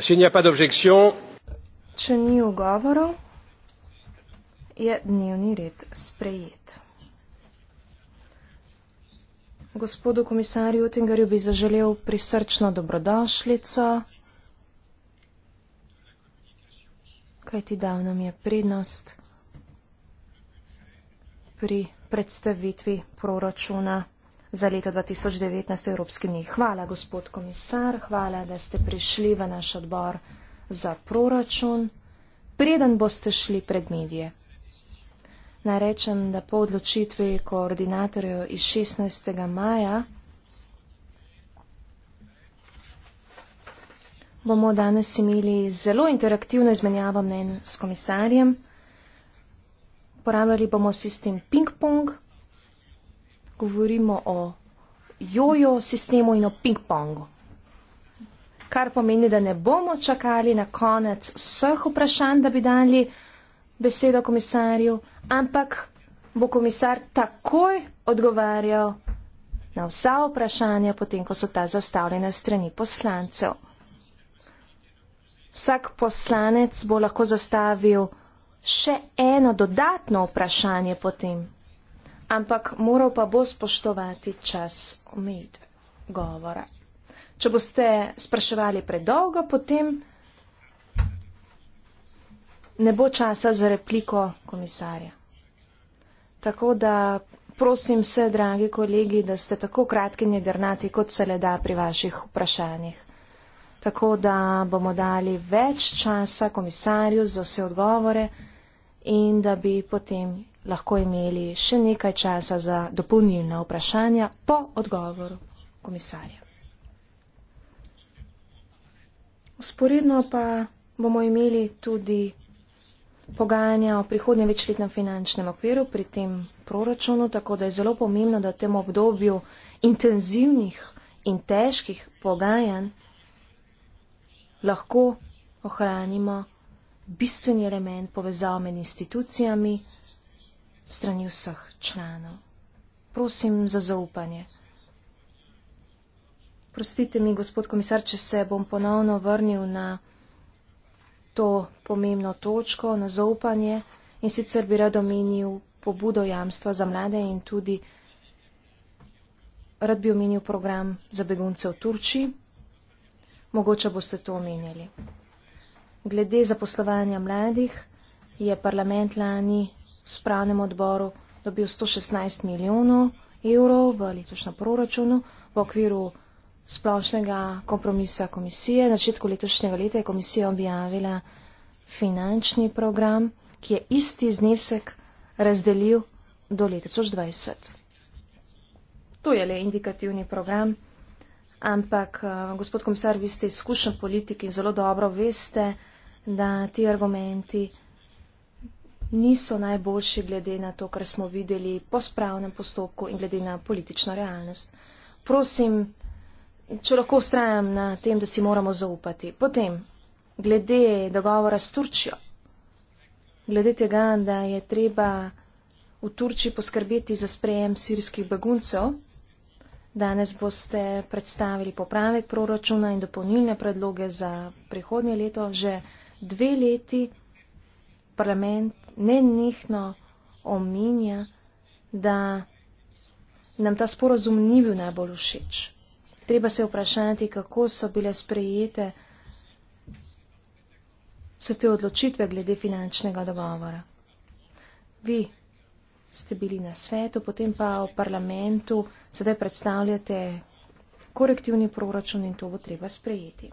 S'il n'y a pas d'objection. Če ni ugovorov, je dnevni red sprejet. Gospodu komisarju Utingarju bi zaželel prisrčno dobrodošljico, kaj ti dal nam je prednost pri predstavitvi proračuna 2021-2022 za leto 2019 v Evropski uniji. Hvala, gospod komisar, hvala, da ste prišli v naš odbor za proračun. Preden boste šli pred medije. Naj rečem, da po odločitvi koordinatorjev iz 16. maja bomo danes imeli zelo interaktivno izmenjavo mnen s komisarjem. Porabljali bomo sistem ping-pong, govorimo o jojo sistemu in o ping-pongu. Kar pomeni, da ne bomo čakali na konec vseh vprašanj, da bi dali besedo komisarju, ampak bo komisar takoj odgovarjal na vsa vprašanja, potem ko so ta zastavljena strani poslancev. Vsak poslanec bo lahko zastavil še eno dodatno vprašanje potem ampak moral pa bo spoštovati čas omejit govora. Če boste spraševali predolgo, potem ne bo časa za repliko komisarja. Tako da prosim vse, dragi kolegi, da ste tako kratki in jedrnati, kot se le da pri vaših vprašanjih. Tako da bomo dali več časa komisarju za vse odgovore in da bi potem lahko imeli še nekaj časa za dopolnilna vprašanja po odgovoru komisarja. Usporedno pa bomo imeli tudi pogajanja o prihodnjem večletnem finančnem okviru pri tem proračunu, tako da je zelo pomembno, da v tem obdobju intenzivnih in težkih pogajanj lahko ohranimo bistveni element povezav med institucijami, strani vseh članov. Prosim za zaupanje. Prostite mi, gospod komisar, če se bom ponovno vrnil na to pomembno točko, na zaupanje in sicer bi rad omenil pobudo jamstva za mlade in tudi rad bi omenil program za begunce v Turčiji. Mogoče boste to omenjali. Glede zaposlovanja mladih je parlament lani spravnem odboru dobil 116 milijonov evrov v letošnjem proračunu v okviru splošnega kompromisa komisije. Na začetku letošnjega leta je komisija objavila finančni program, ki je isti znesek razdelil do leta 2020. To je le indikativni program, ampak eh, gospod komisar, vi ste izkušen politik in zelo dobro veste, da ti argumenti niso najboljši glede na to, kar smo videli po spravnem postopku in glede na politično realnost. Prosim, če lahko ustrajam na tem, da si moramo zaupati. Potem, glede dogovora s Turčjo, glede tega, da je treba v Turčji poskrbeti za sprejem sirskih beguncev, danes boste predstavili popravek proračuna in dopolnilne predloge za prihodnje leto, že dve leti parlament nenehno omenja, da nam ta sporozum ni bil najbolj všeč. Treba se vprašati, kako so bile sprejete vse te odločitve glede finančnega dogovora. Vi ste bili na svetu, potem pa v parlamentu, sedaj predstavljate korektivni proračun in to bo treba sprejeti.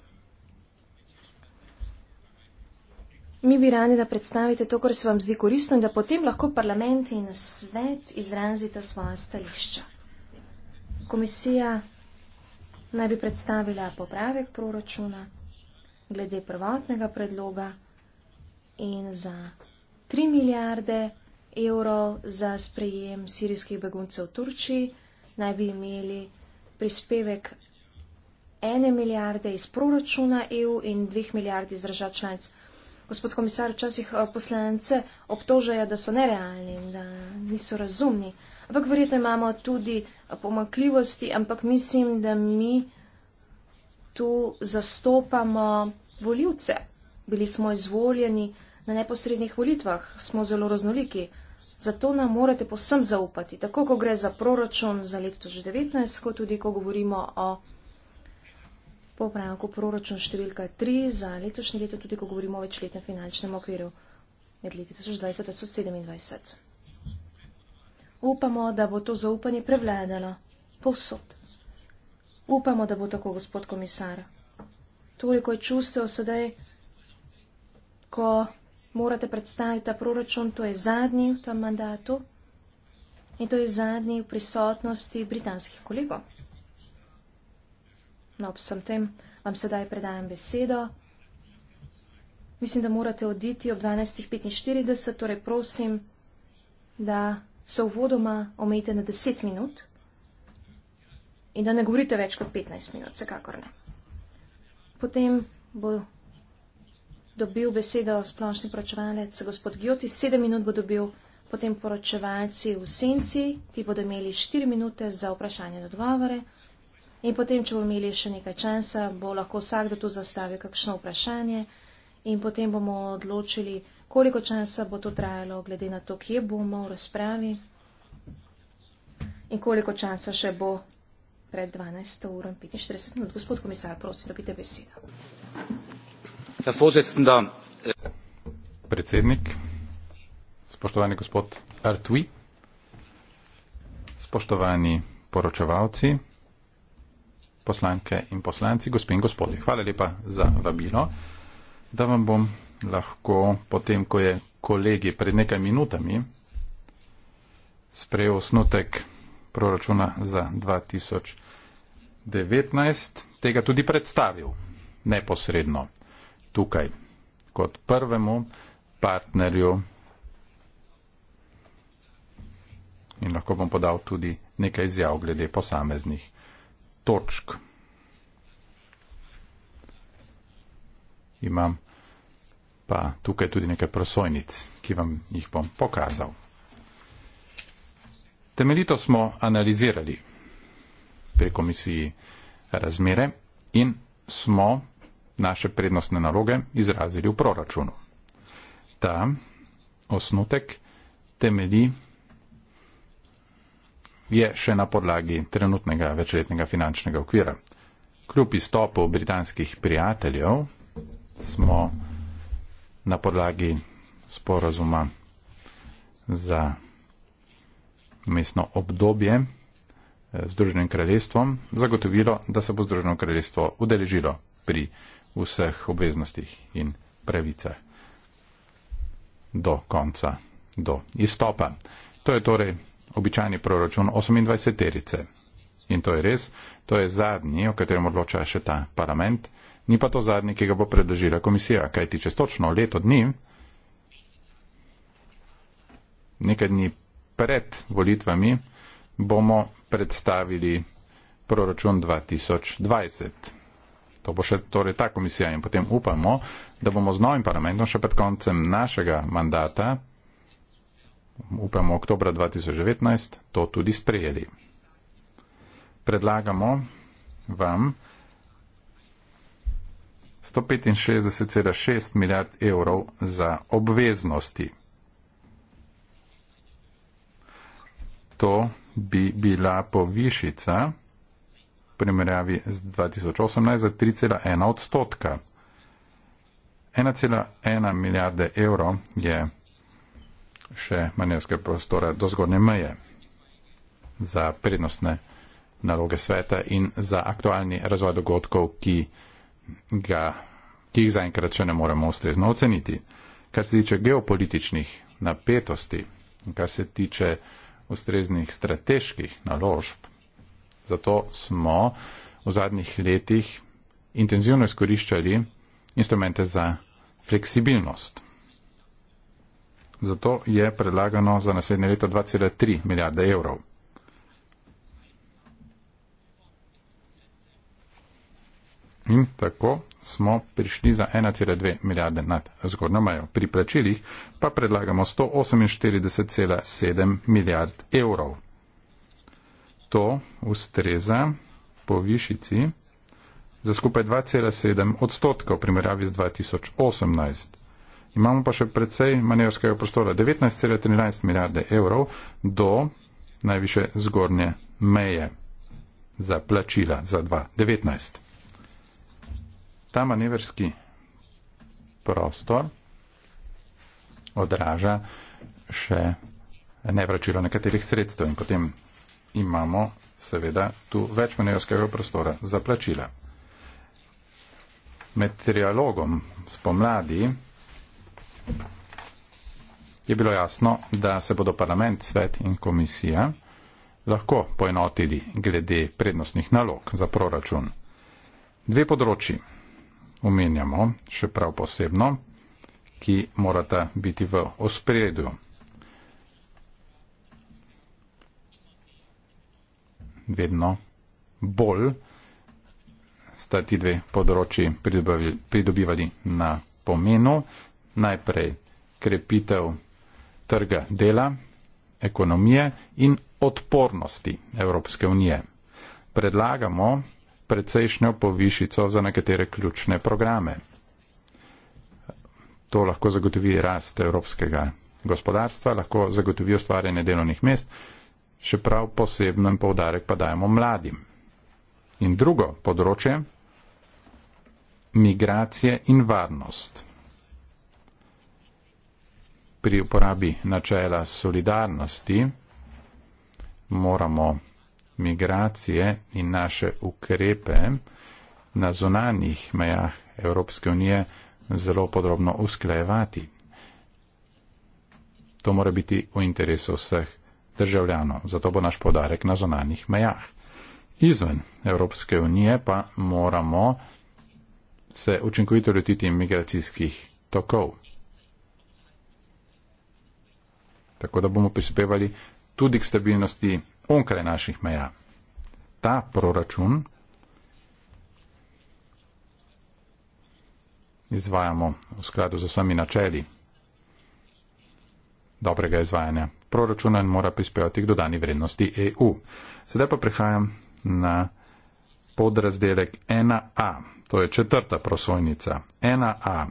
mi bi radi, da predstavite to, kar se vam zdi koristno in da potem lahko parlament in svet izrazita svoje stališča. Komisija naj bi predstavila popravek proračuna glede prvotnega predloga in za 3 milijarde evrov za sprejem sirijskih beguncev v Turčiji naj bi imeli prispevek ene milijarde iz proračuna EU in dveh milijard iz držav članic gospod komisar, včasih eh, poslance obtožajo, da so nerealni in da niso razumni. Ampak verjetno imamo tudi eh, pomakljivosti, ampak mislim, da mi tu zastopamo voljivce. Bili smo izvoljeni na neposrednih volitvah, smo zelo raznoliki. Zato nam morate posem zaupati, tako ko gre za proračun za leto 2019, kot tudi ko govorimo o Popravku proračun številka 3 za letošnje leto, tudi ko govorimo o večletnem finančnem okviru med leti 2020 in 2027. Upamo, da bo to zaupanje prevladalo povsod. Upamo, da bo tako gospod komisar. Toliko je čustev sedaj, ko morate predstaviti ta proračun, to je zadnji v tem mandatu in to je zadnji v prisotnosti britanskih kolegov. No, vsem tem vam sedaj predajam besedo. Mislim, da morate oditi ob 12.45, torej prosim, da se v vodoma omejite na 10 minut in da ne govorite več kot 15 minut, vsekakor ne. Potem bo dobil besedo splošni poročevalec gospod Gjoti, 7 minut bo dobil potem poročevalci v senci, ti bodo imeli 4 minute za vprašanje in odgovore. In potem, če bomo imeli še nekaj časa, bo lahko vsakdo tu zastavil kakšno vprašanje in potem bomo odločili, koliko časa bo to trajalo, glede na to, kje bomo v razpravi in koliko časa še bo pred 12. uro in 45 minut. Gospod komisar, prosim, dobite besedo. Äh, Predsednik, spoštovani gospod Artui, spoštovani poročevalci, poslanke in poslanci, gospe in gospodje. Hvala lepa za vabilo, da vam bom lahko potem, ko je kolegi pred nekaj minutami sprejel osnutek proračuna za 2019, tega tudi predstavil neposredno tukaj kot prvemu partnerju. In lahko bom podal tudi nekaj izjav glede posameznih točk. Imam pa tukaj tudi nekaj prosojnic, ki vam jih bom pokazal. Temeljito smo analizirali pri komisiji razmere in smo naše prednostne naloge izrazili v proračunu. Ta osnutek temelji je še na podlagi trenutnega večletnega finančnega okvira. Kljub izstopu britanskih prijateljev smo na podlagi sporazuma za mestno obdobje eh, Združenim kraljestvom zagotovilo, da se bo Združeno kraljestvo udeležilo pri vseh obveznostih in pravicah do konca, do izstopa. To je torej običajni proračun 28 terice. In to je res, to je zadnji, o katerem odloča še ta parlament, ni pa to zadnji, ki ga bo predložila komisija, kaj ti čez točno leto dni, nekaj dni pred volitvami, bomo predstavili proračun 2020. To bo še torej ta komisija in potem upamo, da bomo z novim parlamentom še pred koncem našega mandata upamo, oktober 2019 to tudi sprejeli. Predlagamo vam 165,6 milijard evrov za obveznosti. To bi bila povišica v primerjavi z 2018 za 3,1 odstotka. 1,1 milijarde evrov je še manevrske prostore do zgodne meje za prednostne naloge sveta in za aktualni razvoj dogodkov, ki, ga, ki jih zaenkrat še ne moremo ustrezno oceniti. Kar se tiče geopolitičnih napetosti in kar se tiče ustreznih strateških naložb, zato smo v zadnjih letih intenzivno izkoriščali instrumente za fleksibilnost. Zato je predlagano za naslednje leto 2,3 milijarde evrov. In tako smo prišli za 1,2 milijarde nad zgornjo mejo. Pri plačilih pa predlagamo 148,7 milijard evrov. To ustreza povišici za skupaj 2,7 odstotkov v primerjavi z 2018. Imamo pa še precej manevrskega prostora, 19,13 milijarde evrov do najviše zgornje meje za plačila za 2019. Ta manevrski prostor odraža še nevračilo nekaterih sredstev in potem imamo seveda tu več manevrskega prostora za plačila. Meteorologom spomladi je bilo jasno, da se bodo parlament, svet in komisija lahko poenotili glede prednostnih nalog za proračun. Dve področji omenjamo, še prav posebno, ki morata biti v ospredju. Vedno bolj sta ti dve področji pridobivali na pomenu najprej krepitev trga dela, ekonomije in odpornosti Evropske unije. Predlagamo precejšnjo povišico za nekatere ključne programe. To lahko zagotovi rast evropskega gospodarstva, lahko zagotovi ustvarjanje delovnih mest, še prav posebno in povdarek pa dajemo mladim. In drugo področje, migracije in varnost pri uporabi načela solidarnosti moramo migracije in naše ukrepe na zunanjih mejah Evropske unije zelo podrobno usklejevati. To mora biti v interesu vseh državljanov, zato bo naš podarek na zunanjih mejah. Izven Evropske unije pa moramo se učinkovito lotiti migracijskih tokov. tako da bomo prispevali tudi k stabilnosti onkraj naših meja. Ta proračun izvajamo v skladu z vsemi načeli dobrega izvajanja proračuna in mora prispevati k dodani vrednosti EU. Sedaj pa prehajam na podrazdelek 1A, to je četrta prosojnica. 1A.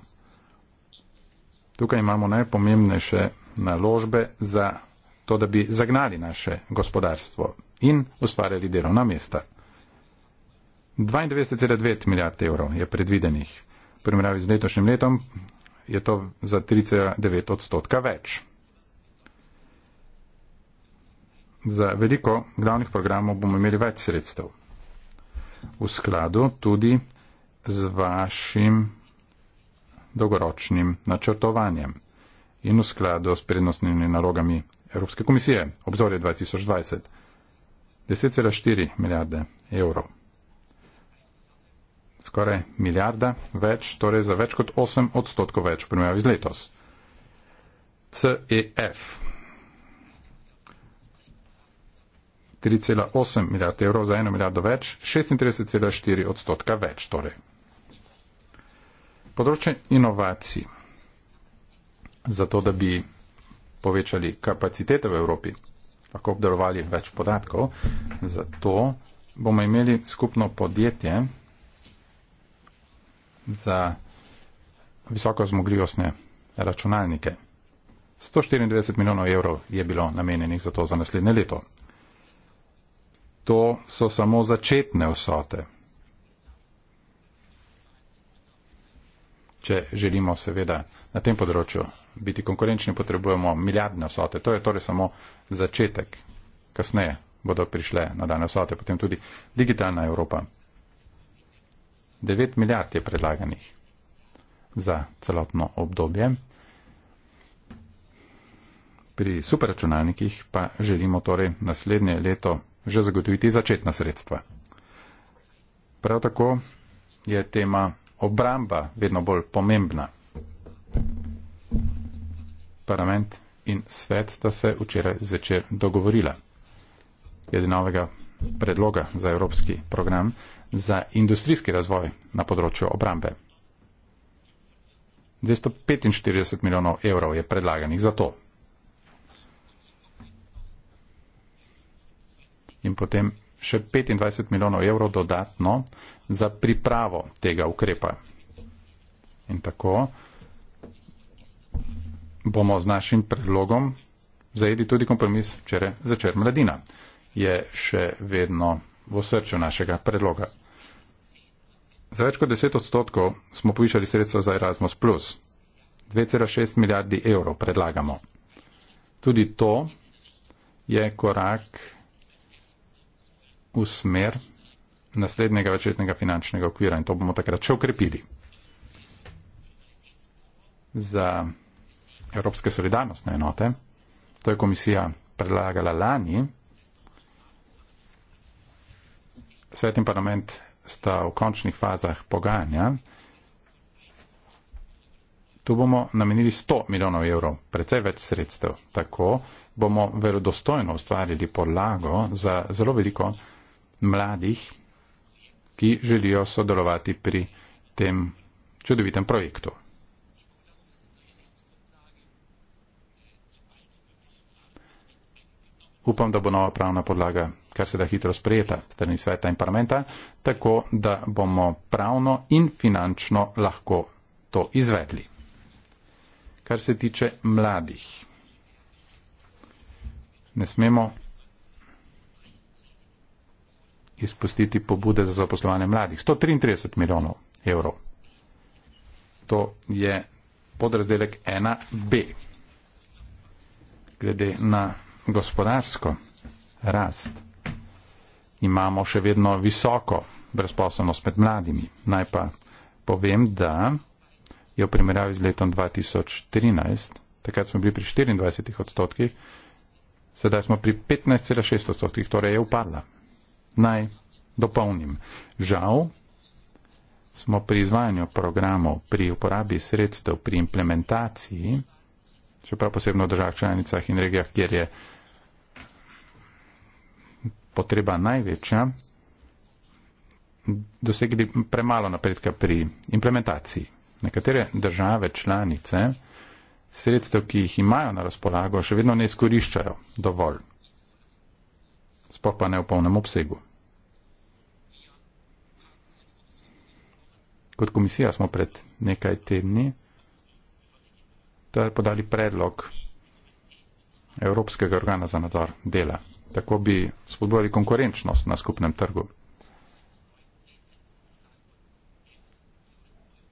Tukaj imamo najpomembnejše naložbe za to, da bi zagnali naše gospodarstvo in ustvarjali delovna mesta. 92,9 milijard evrov je predvidenih. V primerjavi z letošnjim letom je to za 3,9 odstotka več. Za veliko glavnih programov bomo imeli več sredstev. V skladu tudi z vašim dolgoročnim načrtovanjem in v skladu s prednostnimi nalogami Evropske komisije obzorje 2020. 10,4 milijarde evrov. Skoraj milijarda več, torej za več kot 8 odstotkov več v primerjavi z letos. E CEF. 3,8 milijard evrov za 1 milijardo več, 36,4 odstotka več torej. Področje inovacij zato, da bi povečali kapacitete v Evropi, lahko obdelovali več podatkov, zato bomo imeli skupno podjetje za visoko zmogljivostne računalnike. 194 milijonov evrov je bilo namenjenih za to za naslednje leto. To so samo začetne vsote. Če želimo seveda na tem področju biti konkurenčni, potrebujemo milijardne vsote. To je torej samo začetek. Kasneje bodo prišle nadaljne vsote, potem tudi digitalna Evropa. 9 milijard je predlaganih za celotno obdobje. Pri superračunalnikih pa želimo torej naslednje leto že zagotoviti začetna sredstva. Prav tako je tema obramba vedno bolj pomembna parlament in svet sta se včeraj zvečer dogovorila. Glede novega predloga za evropski program za industrijski razvoj na področju obrambe. 245 milijonov evrov je predlaganih za to. In potem še 25 milijonov evrov dodatno za pripravo tega ukrepa. In tako bomo z našim predlogom zajeli tudi kompromis včeraj začer mladina. Je še vedno v srču našega predloga. Za več kot 10 odstotkov smo povišali sredstva za Erasmus Plus. 2,6 milijardi evrov predlagamo. Tudi to je korak v smer naslednjega večletnega finančnega okvira in to bomo takrat še ukrepili. Za Evropske solidarnostne enote. To je komisija predlagala lani. Svet in parlament sta v končnih fazah pogajanja. Tu bomo namenili 100 milijonov evrov, precej več sredstev. Tako bomo verodostojno ustvarili podlago za zelo veliko mladih, ki želijo sodelovati pri tem čudovitem projektu. Upam, da bo nova pravna podlaga kar se da hitro sprejeta strani sveta in parlamenta, tako da bomo pravno in finančno lahko to izvedli. Kar se tiče mladih, ne smemo izpustiti pobude za zaposlovanje mladih. 133 milijonov evrov. To je podrazdelek 1B. Glede na gospodarsko rast. Imamo še vedno visoko brezposobnost med mladimi. Naj pa povem, da je v primerjavi z letom 2013, takrat smo bili pri 24 odstotkih, sedaj smo pri 15,6 odstotkih, torej je upadla. Naj dopolnim. Žal smo pri izvajanju programov, pri uporabi sredstev, pri implementaciji, čeprav posebno v državah članicah in regijah, kjer je potreba največja, dosegli premalo napredka pri implementaciji. Nekatere države članice sredstev, ki jih imajo na razpolago, še vedno ne izkoriščajo dovolj. Sploh pa ne v polnem obsegu. Kot komisija smo pred nekaj tedni podali predlog Evropskega organa za nadzor dela tako bi spodbojali konkurenčnost na skupnem trgu.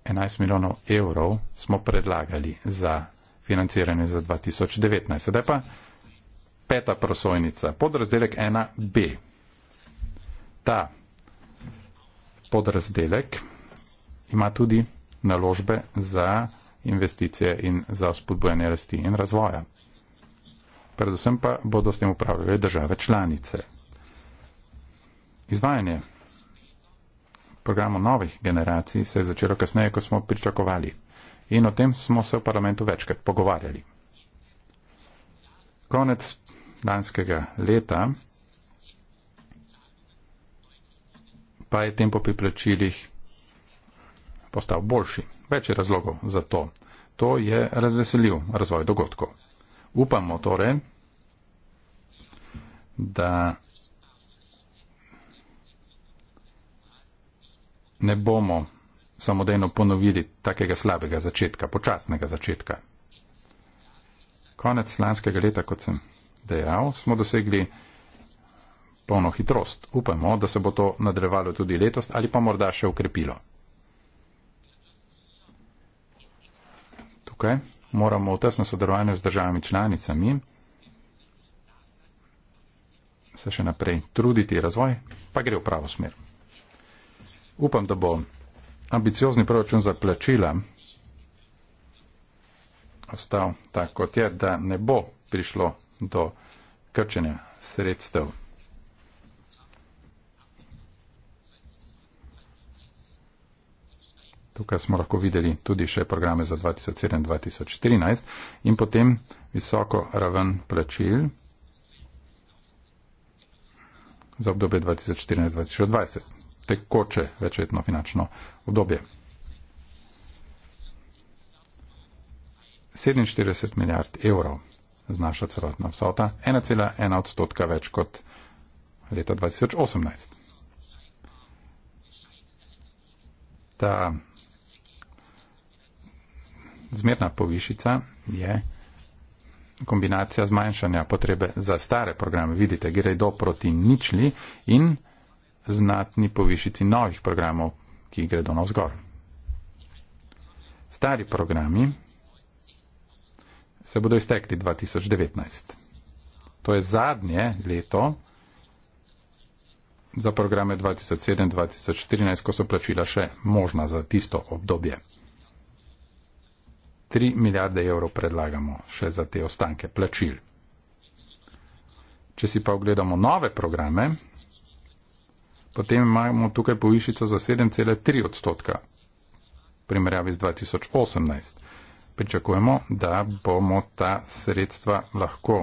11 milijonov evrov smo predlagali za financiranje za 2019. Sedaj pa peta prosojnica, podrazdelek 1B. Ta podrazdelek ima tudi naložbe za investicije in za spodbojanje rasti in razvoja predvsem pa bodo s tem upravljale države članice. Izvajanje programov novih generacij se je začelo kasneje, ko smo pričakovali in o tem smo se v parlamentu večkrat pogovarjali. Konec lanskega leta pa je tempo pri plačilih postal boljši. Več je razlogov za to. To je razveselil razvoj dogodkov. Upamo torej, da ne bomo samodejno ponovili takega slabega začetka, počasnega začetka. Konec lanskega leta, kot sem dejal, smo dosegli polno hitrost. Upamo, da se bo to nadaljevalo tudi letos ali pa morda še ukrepilo. Tukaj. Okay moramo v tesno sodelovanju z državami članicami se še naprej truditi razvoj, pa gre v pravo smer. Upam, da bo ambiciozni proračun za plačila ostal tako, kot je, da ne bo prišlo do krčenja sredstev. Tukaj smo lahko videli tudi še programe za 2007-2013 in potem visoko raven plačil za obdobje 2014-2020, tekoče večletno finančno obdobje. 47 milijard evrov znaša celotna vsota, 1,1 odstotka več kot leta 2018. Ta zmerna povišica je kombinacija zmanjšanja potrebe za stare programe. Vidite, gre do proti ničli in znatni povišici novih programov, ki gre do navzgor. Stari programi se bodo iztekli 2019. To je zadnje leto za programe 2007-2014, ko so plačila še možna za tisto obdobje. 3 milijarde evrov predlagamo še za te ostanke plačil. Če si pa ogledamo nove programe, potem imamo tukaj povišico za 7,3 odstotka v primerjavi z 2018. Pričakujemo, da bomo ta sredstva lahko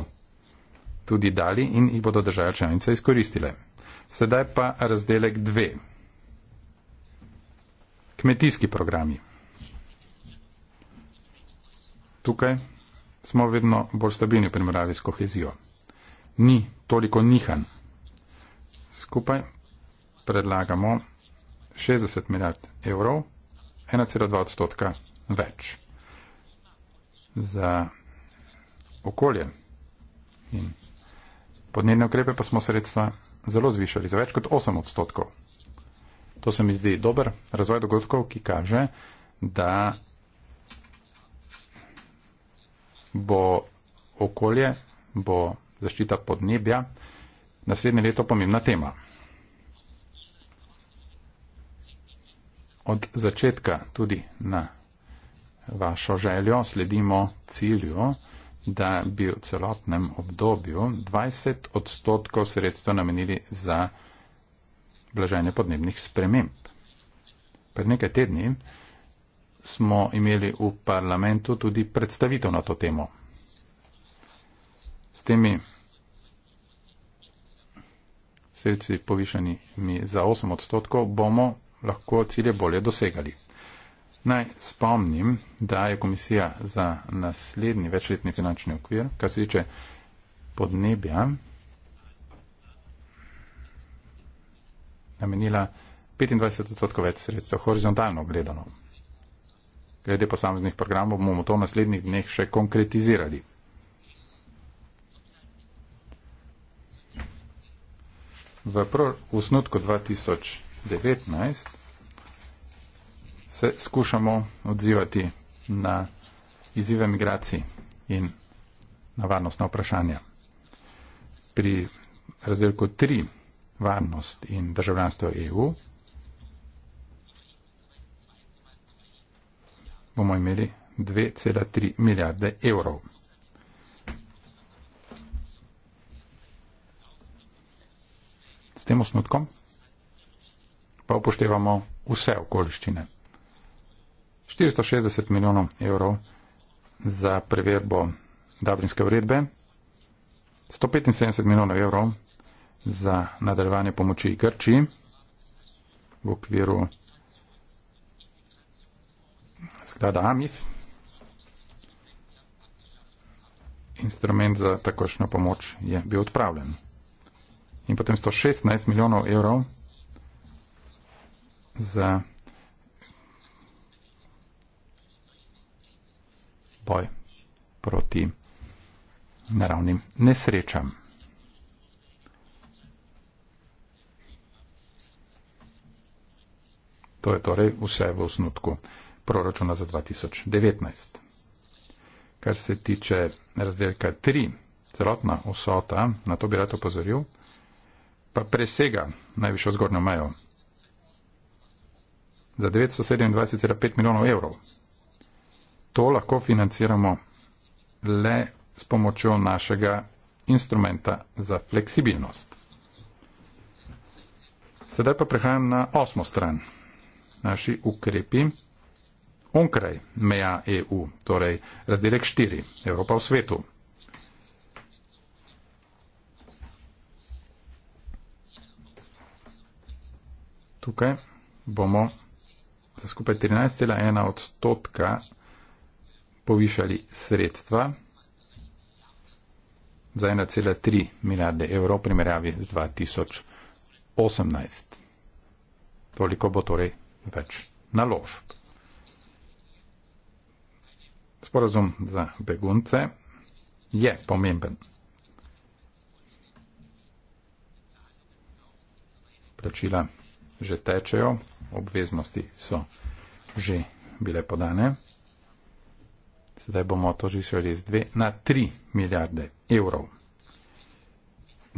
tudi dali in jih bodo države članice izkoristile. Sedaj pa razdelek 2. Kmetijski programi tukaj smo vedno bolj stabilni v primerjavi s kohezijo. Ni toliko nihan. Skupaj predlagamo 60 milijard evrov, 1,2 odstotka več. Za okolje in podnebne ukrepe pa smo sredstva zelo zvišali, za več kot 8 odstotkov. To se mi zdi dober razvoj dogodkov, ki kaže, da bo okolje, bo zaščita podnebja naslednje leto pomembna tema. Od začetka tudi na vašo željo sledimo cilju, da bi v celotnem obdobju 20 odstotkov sredstva namenili za blaženje podnebnih sprememb. Pred nekaj tedni smo imeli v parlamentu tudi predstavitev na to temo. S temi sredstvi povišanimi za 8 odstotkov bomo lahko cilje bolje dosegali. Naj spomnim, da je komisija za naslednji večletni finančni okvir, kar se tiče podnebja, namenila 25 odstotkov več sredstev horizontalno gledano glede posameznih programov bomo to v naslednjih dneh še konkretizirali. V usnutku 2019 se skušamo odzivati na izzive migracij in na varnostna vprašanja. Pri razdelku 3 varnost in državljanstvo EU bomo imeli 2,3 milijarde evrov. S tem osnutkom pa upoštevamo vse okoliščine. 460 milijonov evrov za preverbo Dublinske uredbe, 175 milijonov evrov za nadaljevanje pomoči Grčiji v okviru sklada AMIF, instrument za takošno pomoč je bil odpravljen. In potem 116 milijonov evrov za boj proti naravnim nesrečam. To je torej vse v osnutku proračuna za 2019. Kar se tiče razdelka 3, celotna vsota, na to bi rad opozoril, pa presega najvišjo zgornjo mejo za 927,5 milijonov evrov. To lahko financiramo le s pomočjo našega instrumenta za fleksibilnost. Sedaj pa prehajam na osmo stran. Naši ukrepi onkraj meja EU, torej razdelek 4, Evropa v svetu. Tukaj bomo za skupaj 13,1 odstotka povišali sredstva za 1,3 milijarde evrov v primerjavi z 2018. Toliko bo torej več naložb. Sporazum za begunce je pomemben. Plačila že tečejo, obveznosti so že bile podane. Zdaj bomo to že šli z dve na tri milijarde evrov.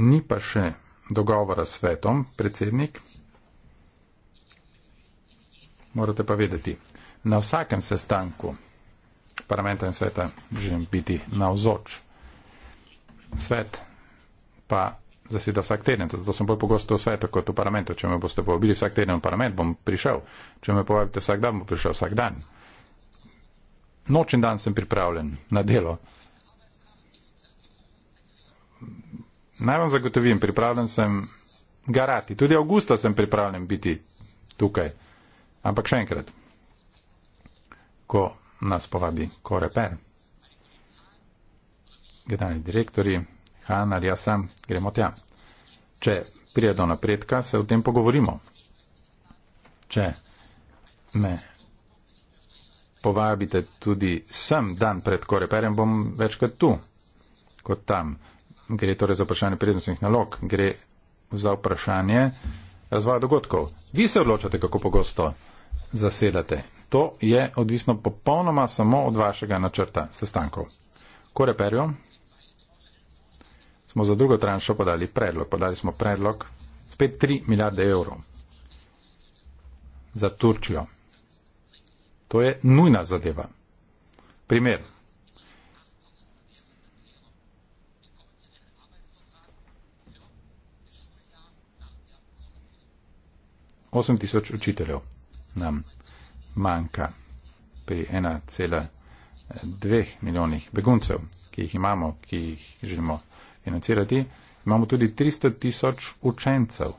Ni pa še dogovora s svetom, predsednik. Morate pa vedeti, na vsakem sestanku parlamenta in sveta želim biti navzoč. Svet pa zaseda vsak teden, zato sem bolj pogosto v svetu kot v parlamentu. Če me boste povabili vsak teden v parlament, bom prišel. Če me povabite vsak dan, bom prišel vsak dan. Noč in dan sem pripravljen na delo. Naj vam zagotovim, pripravljen sem garati. Tudi avgusta sem pripravljen biti tukaj. Ampak še enkrat, ko нас повабі Корепер. Генерални директори, Хан, Алиаса, гремо тя. Че при едно напредка се от тем поговоримо. Че ме повабите туди сам дан пред Кореперем, бом вечка ту, кот там. Gre torej za vprašanje prednostnih nalog, gre za vprašanje razvoja dogodkov. Vi se odločate, kako pogosto zasedate to je odvisno popolnoma samo od vašega načrta sestankov. Koreperju smo za drugo tranšo podali predlog. Podali smo predlog spet 3 milijarde evrov za Turčijo. To je nujna zadeva. Primer. Osem tisoč učiteljev nam manjka pri 1,2 milijonih beguncev, ki jih imamo, ki jih želimo financirati. Imamo tudi 300 tisoč učencev.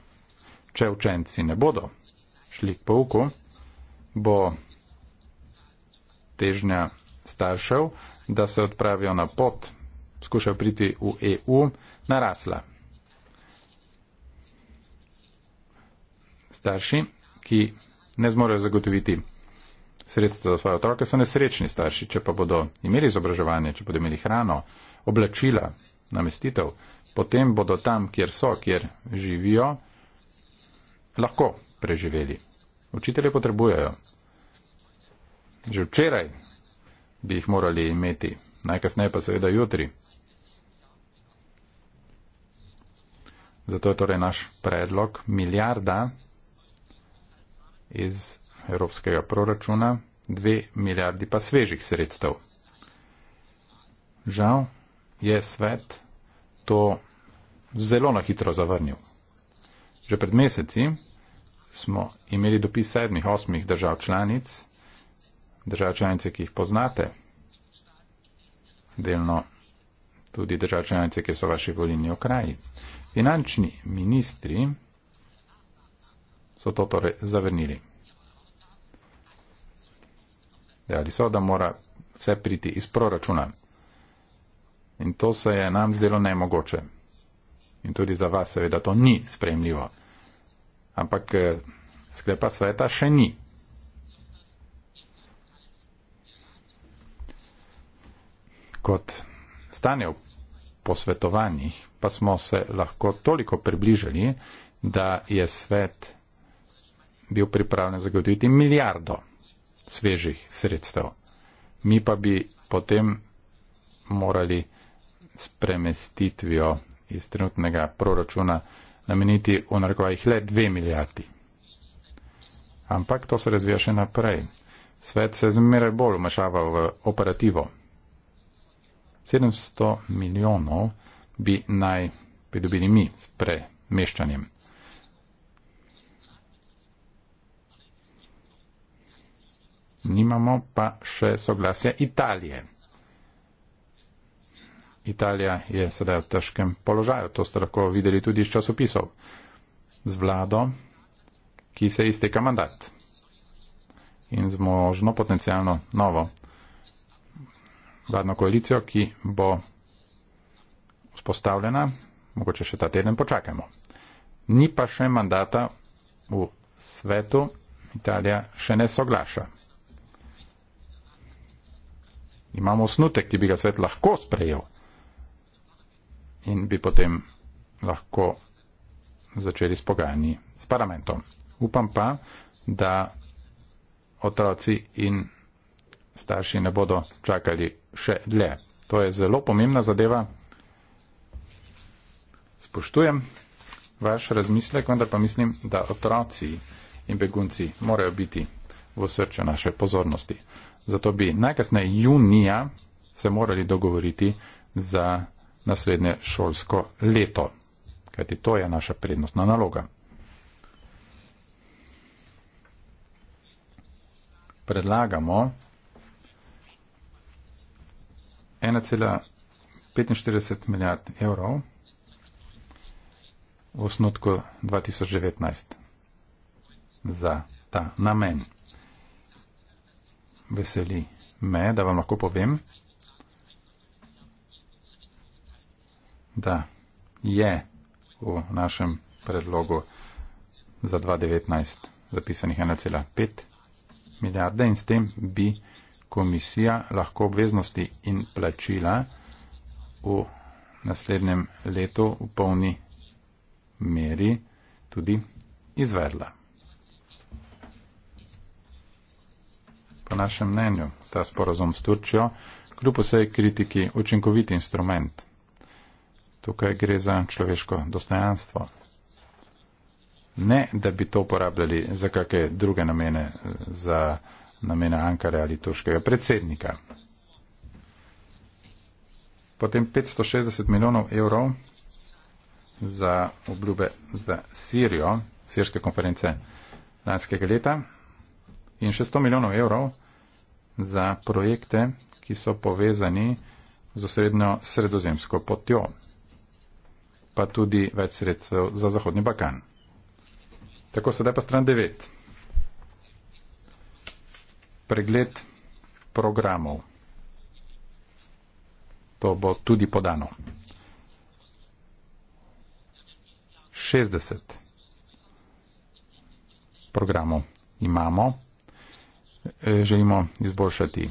Če učenci ne bodo šli k pouku, bo težnja staršev, da se odpravijo na pot, skušajo priti v EU, narasla. Starši, ki ne zmorejo zagotoviti sredstva za svoje otroke, so nesrečni starši. Če pa bodo imeli izobraževanje, če bodo imeli hrano, oblačila, namestitev, potem bodo tam, kjer so, kjer živijo, lahko preživeli. Učitelje potrebujejo. Že včeraj bi jih morali imeti, najkasneje pa seveda jutri. Zato je torej naš predlog milijarda iz evropskega proračuna, dve milijardi pa svežih sredstev. Žal je svet to zelo na hitro zavrnil. Že pred meseci smo imeli dopis sedmih, osmih držav članic, držav članice, ki jih poznate, delno tudi držav članice, ki so vaši volilni okraji. Finančni ministri so to torej zavrnili. Dejali so, da mora vse priti iz proračuna. In to se je nam zdelo nemogoče. In tudi za vas seveda to ni sprejemljivo. Ampak eh, sklepa sveta še ni. Kot stane v posvetovanjih, pa smo se lahko toliko približali, da je svet bil pripravljen zagotoviti milijardo svežih sredstev. Mi pa bi potem morali s premestitvijo iz trenutnega proračuna nameniti v narekovajih le 2 milijardi. Ampak to se razvija še naprej. Svet se zmeraj bolj umašava v operativo. 700 milijonov bi naj pridobili mi s premeščanjem. Nimamo pa še soglasja Italije. Italija je sedaj v težkem položaju, to ste lahko videli tudi iz časopisov, z vlado, ki se izteka mandat in z možno potencijalno novo vladno koalicijo, ki bo vzpostavljena, mogoče še ta teden počakajmo. Ni pa še mandata v svetu, Italija še ne soglaša imamo osnutek, ki bi ga svet lahko sprejel in bi potem lahko začeli s pogajanji s parlamentom. Upam pa, da otroci in starši ne bodo čakali še dlje. To je zelo pomembna zadeva. Spoštujem vaš razmislek, vendar pa mislim, da otroci in begunci morajo biti v srče naše pozornosti. Zato bi najkasneje junija se morali dogovoriti za naslednje šolsko leto, kajti to je naša prednostna naloga. Predlagamo 1,45 milijard evrov v osnutku 2019 za ta namen veseli me, da vam lahko povem, da je v našem predlogu za 2019 zapisanih 1,5 milijarde in s tem bi komisija lahko obveznosti in plačila v naslednjem letu v polni meri tudi izvedla. po našem mnenju ta sporazum s Turčjo, kljub vsej kritiki, učinkovit instrument. Tukaj gre za človeško dostojanstvo. Ne, da bi to uporabljali za kakšne druge namene, za namene Ankare ali turškega predsednika. Potem 560 milijonov evrov za obljube za Sirijo, sirske konference lanskega leta in 600 milijonov evrov za projekte, ki so povezani z osrednjo sredozemsko potjo, pa tudi več sredstev za Zahodni Balkan. Tako sedaj pa stran 9. Pregled programov. To bo tudi podano. 60 programov imamo. E, želimo izboljšati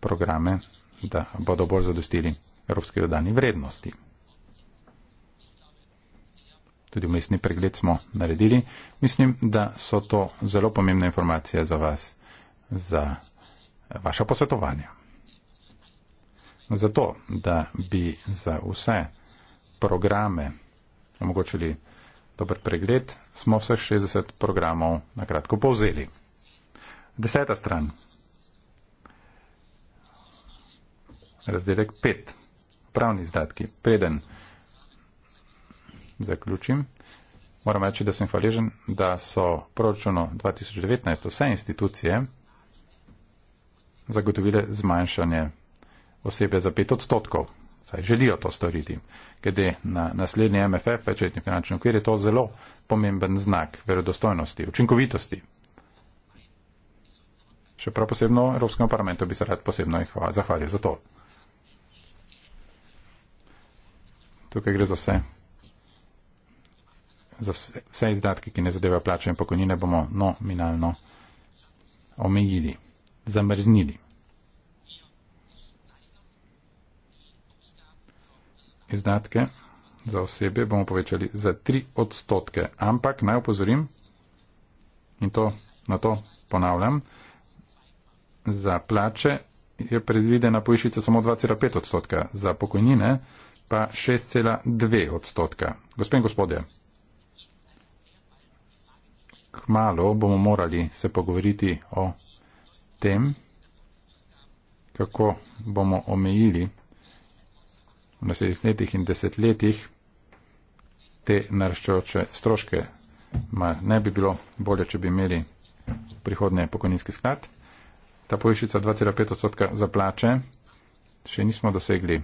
programe, da bodo bolj zadostili evropske dodani vrednosti. Tudi umestni pregled smo naredili. Mislim, da so to zelo pomembne informacije za vas, za vaša posvetovanja. Zato, da bi za vse programe omogočili dober pregled, smo vseh 60 programov na kratko povzeli. Deseta stran. Razdelek pet. Pravni izdatki. Preden zaključim, moram reči, da sem hvaležen, da so proračuno 2019 vse institucije zagotovile zmanjšanje osebe za pet odstotkov. Saj želijo to storiti. Glede na naslednji MFF, večletni finančni okvir, je to zelo pomemben znak verodostojnosti, učinkovitosti še prav posebno Evropskemu parlamentu bi se rad posebno zahvalil za to. Tukaj gre za vse. Za vse, vse izdatke, ki ne zadevajo plače in pokojnine, bomo nominalno omejili, zamrznili. Izdatke za osebe bomo povečali za 3 odstotke, ampak naj opozorim in to na to ponavljam, za plače je predvidena povišica samo 2,5 odstotka, za pokojnine pa 6,2 odstotka. Gospe in gospodje, kmalo bomo morali se pogovoriti o tem, kako bomo omejili v naslednjih letih in desetletjih te naraščajoče stroške. Ma ne bi bilo bolje, če bi imeli prihodnje pokojninski sklad ta povišica 2,5 odstotka za plače še nismo dosegli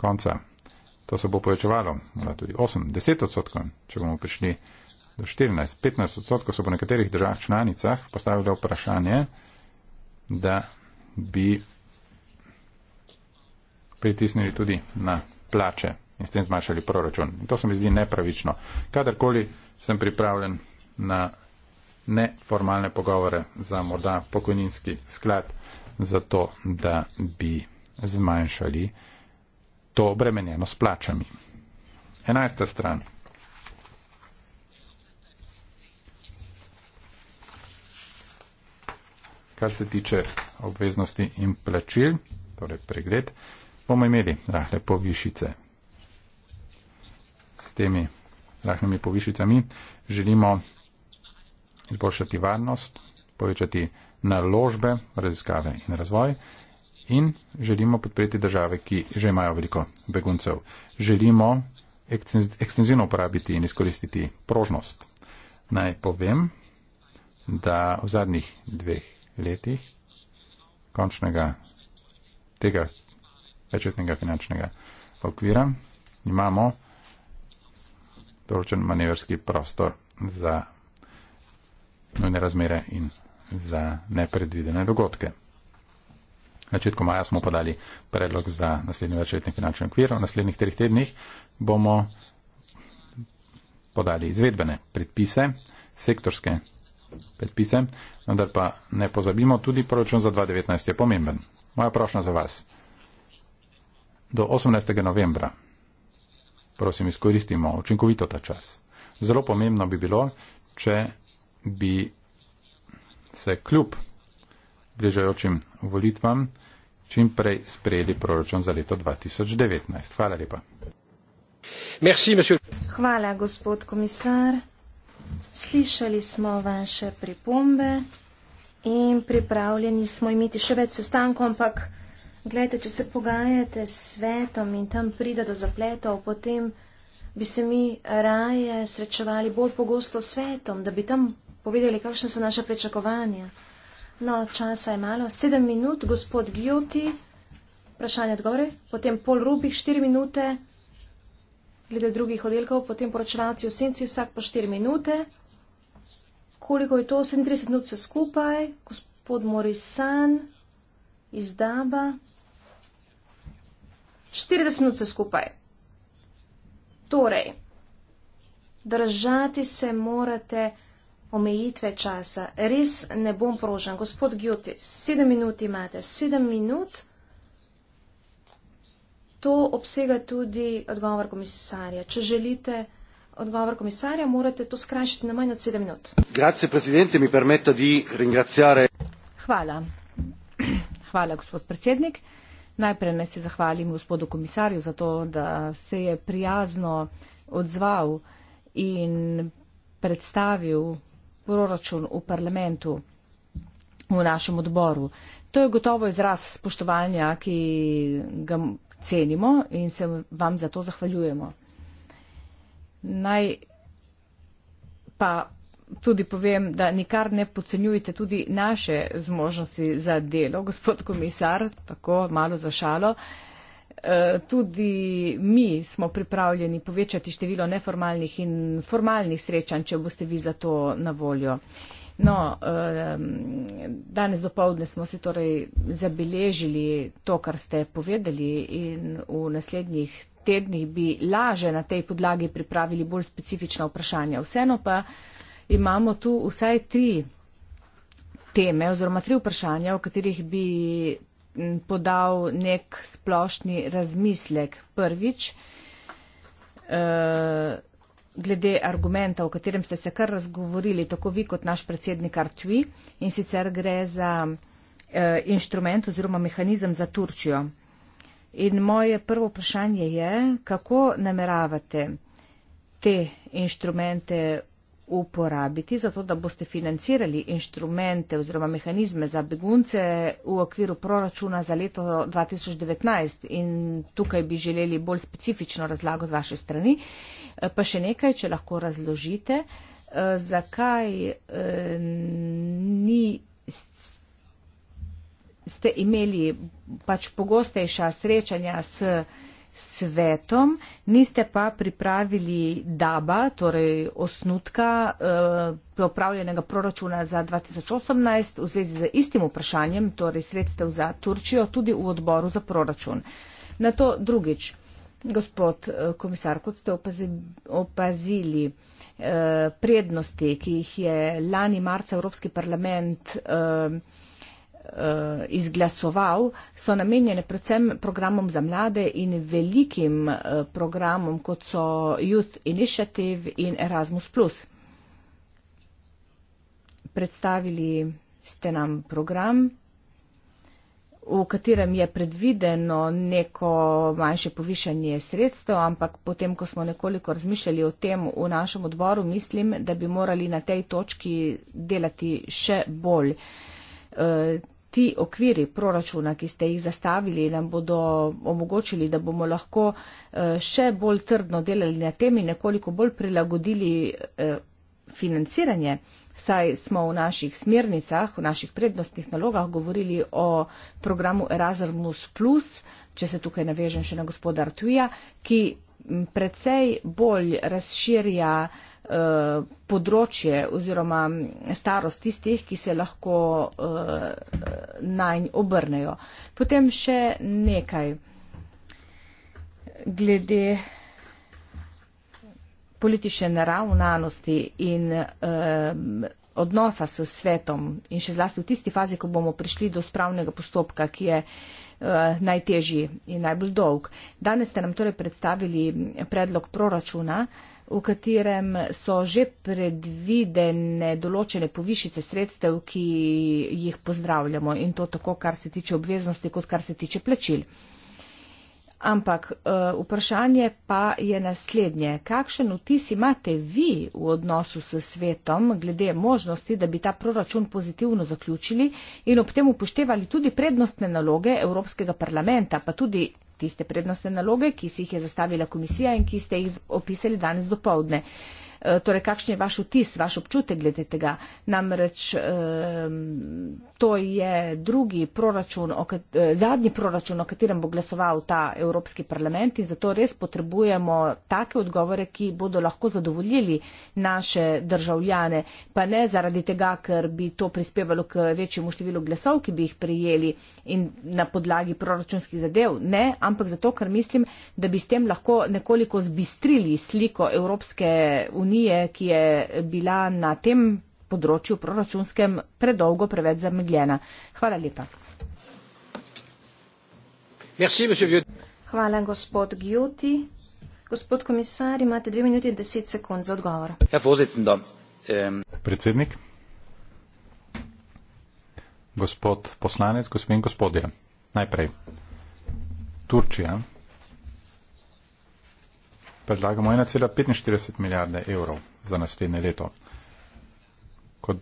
konca. To se bo povečevalo, morda tudi 8, 10 odstotkov, če bomo prišli do 14, 15 odstotkov so po nekaterih državah članicah postavili vprašanje, da bi pritisnili tudi na plače in s tem zmanjšali proračun. In to se mi zdi nepravično. Kadarkoli sem pripravljen na neformalne pogovore za morda pokojninski sklad, zato da bi zmanjšali to obremenjeno s plačami. Enajsta stran. Kar se tiče obveznosti in plačil, torej pregled, bomo imeli rahle povišice. S temi rahlimi povišicami želimo izboljšati varnost, povečati naložbe, raziskave in razvoj in želimo podpreti države, ki že imajo veliko beguncev. Želimo ekstenzivno uporabiti in izkoristiti prožnost. Naj povem, da v zadnjih dveh letih končnega tega večetnega finančnega okvira imamo določen manevrski prostor za nujne razmere in za nepredvidene dogodke. Načetko maja smo podali predlog za naslednji večletni finančni okvir. V naslednjih treh tednih bomo podali izvedbene predpise, sektorske predpise, vendar pa ne pozabimo, tudi proračun za 2019 je pomemben. Moja prošnja za vas. Do 18. novembra, prosim, izkoristimo učinkovito ta čas. Zelo pomembno bi bilo, če bi se kljub bližajočim volitvam čim prej sprejeli proračun za leto 2019. Hvala lepa. Merci, Hvala, gospod komisar. Slišali smo vaše pripombe in pripravljeni smo imeti še več sestankov, ampak gledajte, če se pogajate s svetom in tam pride do zapletov, potem bi se mi raje srečevali bolj pogosto s svetom, da bi tam povedali, kakšne so naše pričakovanja. No, časa je malo. Sedem minut, gospod Gjoti, vprašanje odgovore, potem pol rubih, štiri minute, glede drugih oddelkov, potem poročevalci v senci, vsak po štiri minute. Koliko je to? 37 minut se skupaj, gospod Morisan iz Daba. 40 minut se skupaj. Torej, držati se morate omejitve časa. Res ne bom prožen. Gospod Gjuti, sedem minut imate. Sedem minut. To obsega tudi odgovor komisarja. Če želite odgovor komisarja, morate to skrajšati na manj od sedem minut. Hvala. Hvala, gospod predsednik. Najprej naj se zahvalim gospodu komisarju za to, da se je prijazno odzval in predstavil proračun v parlamentu, v našem odboru. To je gotovo izraz spoštovanja, ki ga cenimo in se vam za to zahvaljujemo. Naj pa tudi povem, da nikar ne podcenjujete tudi naše zmožnosti za delo, gospod komisar, tako malo za šalo. Uh, Eh, tudi mi smo pripravljeni povečati število neformalnih in formalnih srečanj, če boste vi za to na voljo. No, danes do povdne smo si torej zabeležili to, kar ste povedali in v naslednjih tednih bi laže na tej podlagi pripravili bolj specifična vprašanja. Vseeno pa imamo tu vsaj tri teme oziroma tri vprašanja, o katerih bi podal nek splošni razmislek. Prvič, eh, glede argumenta, o katerem ste se kar razgovorili, tako vi kot naš predsednik Artui, in sicer gre za eh, inštrument oziroma mehanizem za Turčijo. In moje prvo vprašanje je, kako nameravate te inštrumente uporabiti, zato da boste financirali inštrumente oziroma mehanizme za begunce v okviru proračuna za leto 2019 in tukaj bi želeli bolj specifično razlago z vaše strani. Eh, pa še nekaj, če lahko razložite, eh, zakaj eh, ni, ste imeli pač pogostejša srečanja s svetom, niste pa pripravili daba, torej osnutka popravljenega eh, proračuna za 2018 v zvezi z istim vprašanjem, torej sredstev za Turčijo, tudi v odboru za proračun. Na to drugič. Gospod eh, komisar, kot ste opazili, eh, prednosti, ki jih je lani marca Evropski parlament Eh, izglasoval, so namenjene predvsem programom za mlade in velikim eh, programom, kot so Youth Initiative in Erasmus. Predstavili ste nam program, v katerem je predvideno neko manjše povišanje sredstev, ampak potem, ko smo nekoliko razmišljali o tem v našem odboru, mislim, da bi morali na tej točki delati še bolj. Eh, ti okviri proračuna, ki ste jih zastavili, nam bodo omogočili, da bomo lahko eh, še bolj trdno delali na temi, nekoliko bolj prilagodili eh, financiranje, saj smo v naših smernicah, v naših prednostnih nalogah govorili o programu Erasmus, če se tukaj navežem še na gospoda Artuja, ki precej bolj razširja uh, Eh, področje oziroma starost tistih, ki se lahko eh, najn obrnejo. Potem še nekaj glede politične naravnanosti in eh, odnosa s svetom in še zlasti v tisti fazi, ko bomo prišli do spravnega postopka, ki je najtežji in najbolj dolg. Danes ste nam torej predstavili predlog proračuna, v katerem so že predvidene določene povišice sredstev, ki jih pozdravljamo in to tako, kar se tiče obveznosti, kot kar se tiče plačil. Ampak eh, vprašanje pa je naslednje. Kakšen vtis imate vi v odnosu s svetom glede možnosti, da bi ta proračun pozitivno zaključili in ob tem upoštevali tudi prednostne naloge Evropskega parlamenta, pa tudi tiste prednostne naloge, ki si jih je zastavila komisija in ki ste jih opisali danes do povdne. Eh, torej kakšen je vaš vtis, vaš občutek glede tega. Namreč to je drugi proračun, eh, zadnji proračun, o katerem bo glasoval ta Evropski parlament in zato res potrebujemo take odgovore, ki bodo lahko zadovoljili naše državljane, pa ne zaradi tega, ker bi to prispevalo k večjemu številu glasov, ki bi jih prijeli in na podlagi proračunskih zadev, ne, ampak zato, ker mislim, da bi s tem lahko nekoliko zbistrili sliko Evropske unije unije, ki je bila na tem področju proračunskem predolgo preveč zamegljena. Hvala lepa. Merci, Hvala, gospod Gjuti. Gospod komisar, imate dve minuti in deset sekund za odgovor. Ja, um... Predsednik. Gospod poslanec, gospod in gospodje. Najprej. Turčija predlagamo 1,45 milijarde evrov za naslednje leto, kot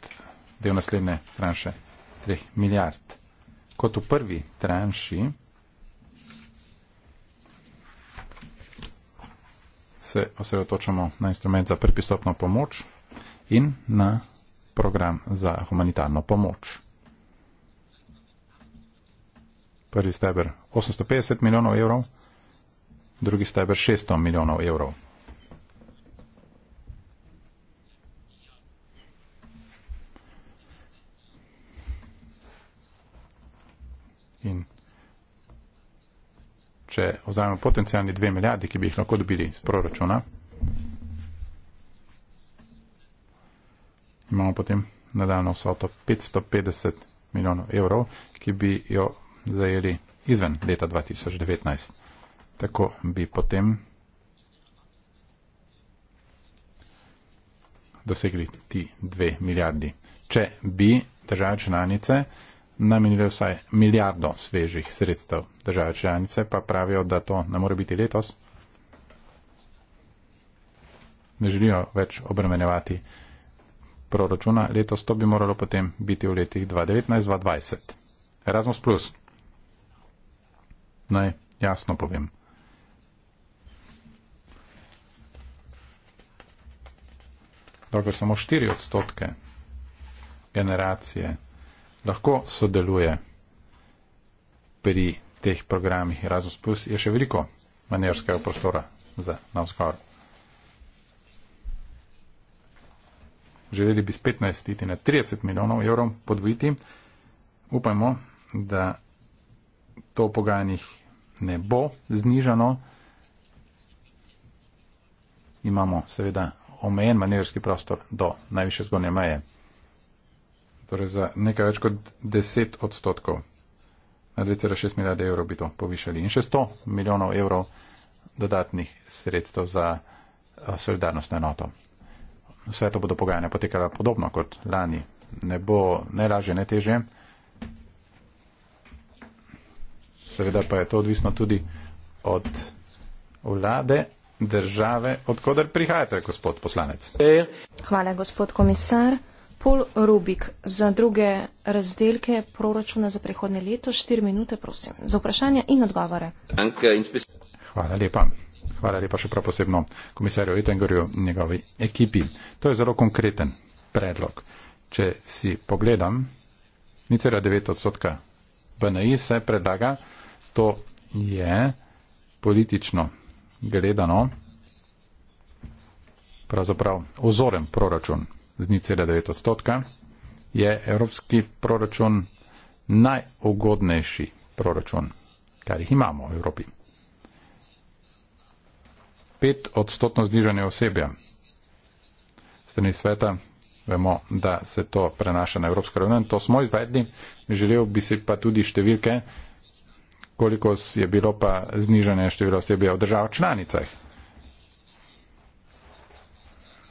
del naslednje tranše 3 milijard. Kot v prvi tranši se osredotočamo na instrument za predpristopno pomoč in na program za humanitarno pomoč. Prvi steber 850 milijonov evrov drugi steber 600 milijonov evrov. In če vzajemo potencijalni dve milijardi, ki bi jih lahko dobili z proračuna, imamo potem nadaljno vso to 550 milijonov evrov, ki bi jo zajeli izven leta 2019. Tako bi potem dosegli ti dve milijardi. Če bi države članice namenile vsaj milijardo svežih sredstev države članice, pa pravijo, da to ne more biti letos, ne želijo več obremenjevati proračuna. Letos to bi moralo potem biti v letih 2019-2020. Erasmus Plus. Naj jasno povem. dokler samo 4 odstotke generacije lahko sodeluje pri teh programih Erasmus, Plus, je še veliko manevrskega prostora za navzgor. Želeli bi s 15 iti na 30 milijonov evrov podvojiti. Upajmo, da to pogajanjih ne bo znižano. Imamo seveda omejen manevrski prostor do najviše zgornje meje. Torej za nekaj več kot 10 odstotkov. Na 2,6 milijarde evrov bi to povišali. In še 100 milijonov evrov dodatnih sredstev za eh, solidarnost na enoto. Vse to bodo pogajanja potekala podobno kot lani. Ne bo ne lažje, ne teže. Seveda pa je to odvisno tudi od vlade države, odkudar prihajate, gospod poslanec. Hvala, gospod komisar. Pol Rubik za druge razdelke proračuna za prihodne leto. Štiri minute, prosim, za vprašanja in odgovore. Hvala lepa. Hvala lepa še prav posebno komisarju Itengorju in njegovi ekipi. To je zelo konkreten predlog. Če si pogledam, ni cela 9 odstotka BNI se predlaga, to je politično gledano, pravzaprav ozoren proračun z 0,9 odstotka, je evropski proračun najugodnejši proračun, kar jih imamo v Evropi. Pet odstotno znižanje osebja. Strani sveta vemo, da se to prenaša na evropsko ravno in to smo izvedli. Želel bi si pa tudi številke, koliko je bilo pa znižanje števila osebja v držav članicah.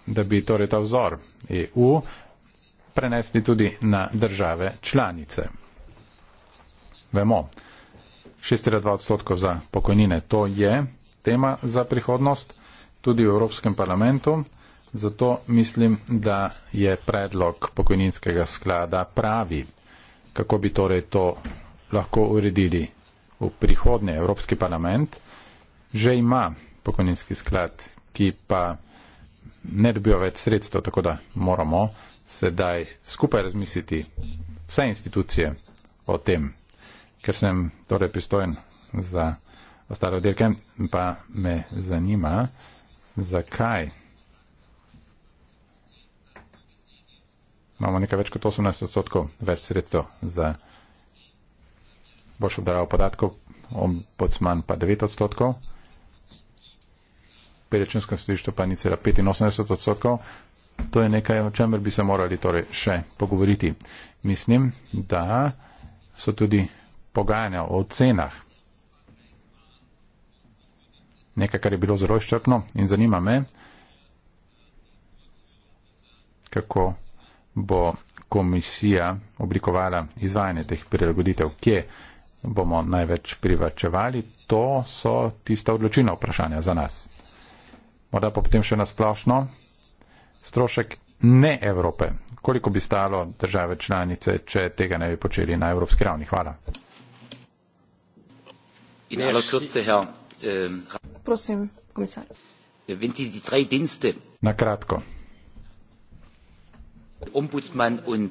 Da bi torej ta vzor EU prenesli tudi na države članice. Vemo, 6,2 odstotkov za pokojnine, to je tema za prihodnost tudi v Evropskem parlamentu. Zato mislim, da je predlog pokojninskega sklada pravi, kako bi torej to lahko uredili v prihodnje Evropski parlament, že ima pokojninski sklad, ki pa ne dobijo več sredstev, tako da moramo sedaj skupaj razmisliti vse institucije o tem, ker sem torej pristojen za ostale oddelke, pa me zanima, zakaj imamo nekaj več kot 18 odstotkov več sredstev za institucije boš obdaral podatkov, ombudsman pa 9 odstotkov, perečinsko središče pa ni cela 85 odstotkov. To je nekaj, o čemer bi se morali torej še pogovoriti. Mislim, da so tudi pogajanja o cenah. Nekaj, kar je bilo zelo izčrpno in zanima me, kako bo komisija oblikovala izvajanje teh prilagoditev, kje bomo največ privačevali, to so tista odločina vprašanja za nas. Morda pa potem še nasplošno, strošek ne Evrope. Koliko bi stalo države članice, če tega ne bi počeli na evropski ravni? Hvala. Ähm, Prosim, komisar. Na kratko. Ombudsman in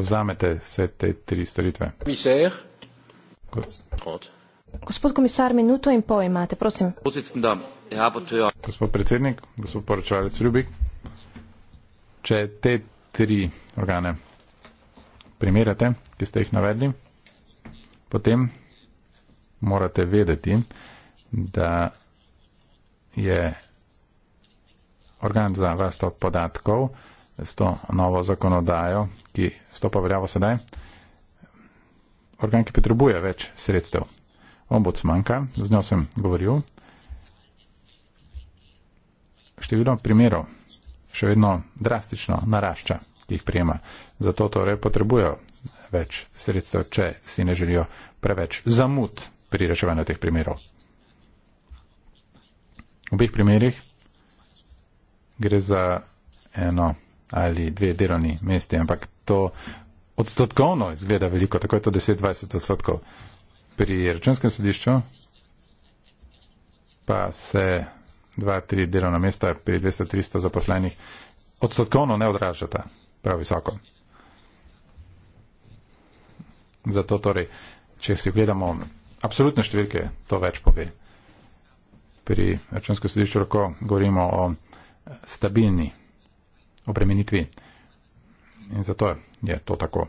vzamete vse te tri storitve? Komisar. Gospod komisar, minuto in pol imate, prosim. Ja, gospod predsednik, gospod poročevalec Rubik, če te tri organe primerjate, ki ste jih navedli, potem morate vedeti, da je organ za varstvo podatkov, s to novo zakonodajo, ki stopa veljavo sedaj, organ, ki potrebuje več sredstev. Ombudsmanka, z njo sem govoril, število primerov še vedno drastično narašča, ki jih prijema. Zato torej potrebujejo več sredstev, če si ne želijo preveč zamud pri reševanju teh primerov. V obeh primerih gre za eno ali dve delovni mesti, ampak to odstotkovno izgleda veliko, tako je to 10-20 odstotkov. Pri računskem sodišču pa se 2-3 delovna mesta pri 200-300 zaposlenih odstotkovno ne odražata prav visoko. Zato torej, če si gledamo absolutne številke, to več pove. Pri računskem sodišču lahko govorimo o stabilni obremenitvi. In zato je to tako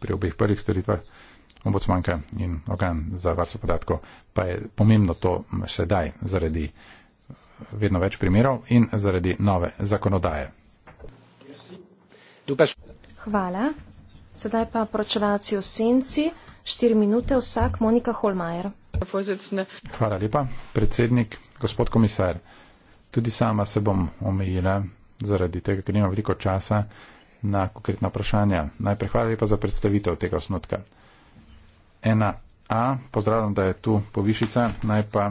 pri obeh prvih storitvah ombudsmanka in organ za varstvo podatkov, pa je pomembno to sedaj zaradi vedno več primerov in zaradi nove zakonodaje. Hvala. Sedaj pa poročevalci o senci, štiri minute vsak, Monika Holmajer. Hvala lepa, predsednik, gospod komisar. Tudi sama se bom omejila zaradi tega, ker nima veliko časa na konkretna vprašanja. Najprej hvala lepa za predstavitev tega osnutka. 1A, pozdravljam, da je tu povišica, naj pa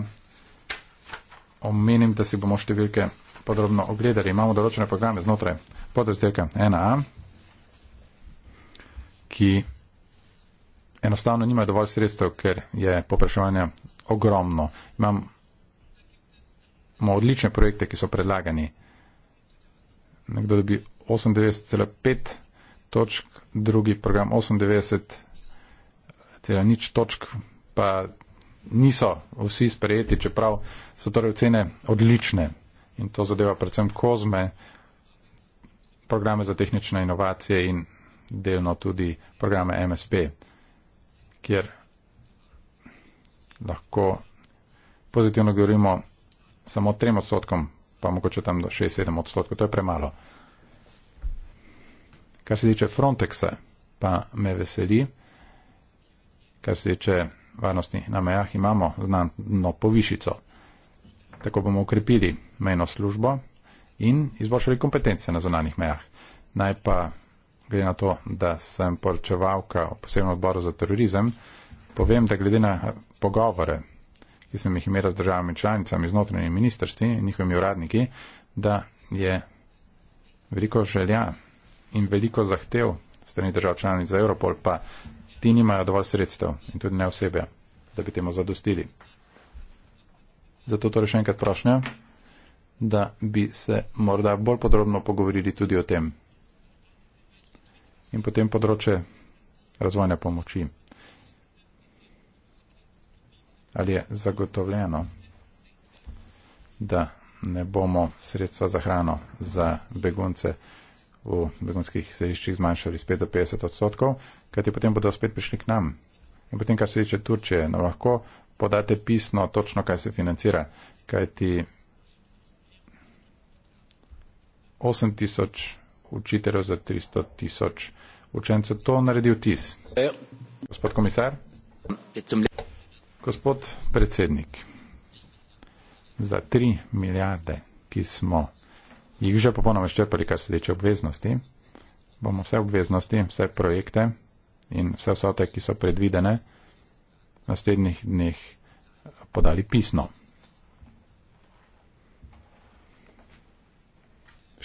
omenim, da si bomo številke podrobno ogledali. Imamo določene programe znotraj podrazdelka 1A, ki enostavno nima dovolj sredstev, ker je popraševanje ogromno. Imamo odlične projekte, ki so predlagani nekdo dobi 98,5 točk, drugi program 98,0 točk, pa niso vsi sprejeti, čeprav so torej ocene odlične in to zadeva predvsem kozme, programe za tehnične inovacije in delno tudi programe MSP, kjer lahko pozitivno govorimo samo trem odstotkom pa mogoče tam do 6-7 odstotkov, to je premalo. Kar se tiče Frontexa, pa me veseli, kar se tiče varnosti na mejah, imamo znano povišico. Tako bomo ukrepili mejno službo in izboljšali kompetence na zonanih mejah. Naj pa glede na to, da sem poročevalka v posebnem odboru za terorizem, povem, da glede na pogovore ki sem jih imela z državami članicami, z notranjimi ministrsti in njihovimi uradniki, da je veliko želja in veliko zahtev strani držav članic za Europol, pa ti nimajo dovolj sredstev in tudi ne osebe, da bi temu zadostili. Zato torej še enkrat prošnja, da bi se morda bolj podrobno pogovorili tudi o tem. In potem področje razvojne pomoči ali je zagotovljeno, da ne bomo sredstva za hrano za begunce v begunskih središčih zmanjšali spet do 50 odstotkov, kajti potem bodo spet prišli k nam. In potem, kar se tiče Turčije, nam lahko podate pisno točno, kaj se financira, kajti 8 tisoč učiteljev za 300 tisoč učencev to naredi vtis. Ja. Gospod komisar? Gospod predsednik, za tri milijarde, ki smo jih že popolnoma ščrpali, kar se tiče obveznosti, bomo vse obveznosti, vse projekte in vse vsote, ki so predvidene, v naslednjih dneh podali pisno.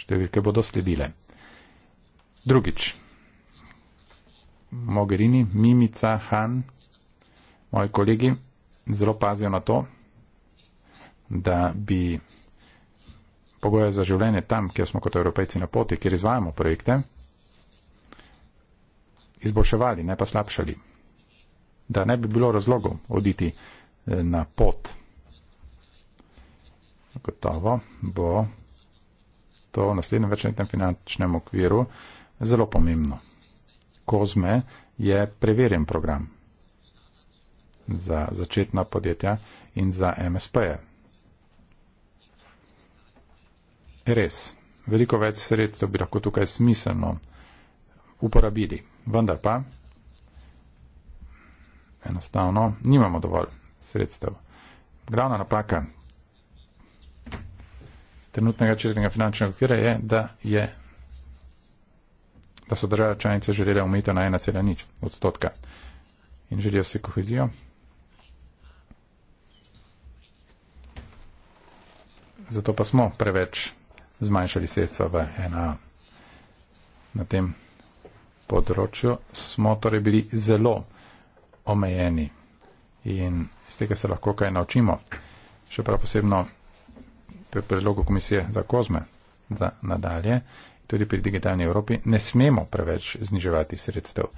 Številke bodo sledile. Drugič. Mogherini, Mimica, Han, moji kolegi, zelo pazijo na to, da bi pogoje za življenje tam, kjer smo kot evropejci na poti, kjer izvajamo projekte, izboljševali, ne pa slabšali. Da ne bi bilo razlogov oditi eh, na pot. Gotovo bo to v naslednjem večletnem finančnem okviru zelo pomembno. Kozme je preverjen program za začetna podjetja in za MSP-je. Res, veliko več sredstev bi lahko tukaj smiselno uporabili, vendar pa enostavno nimamo dovolj sredstev. Glavna napaka trenutnega četrtega finančnega okvira je, da je da so države članice želele omejitev na 1,0 odstotka in želijo si kohezijo. zato pa smo preveč zmanjšali sredstva v ena. Na tem področju smo torej bili zelo omejeni in iz tega se lahko kaj naučimo. Še prav posebno pri predlogu komisije za kozme za nadalje, tudi pri digitalni Evropi, ne smemo preveč zniževati sredstev.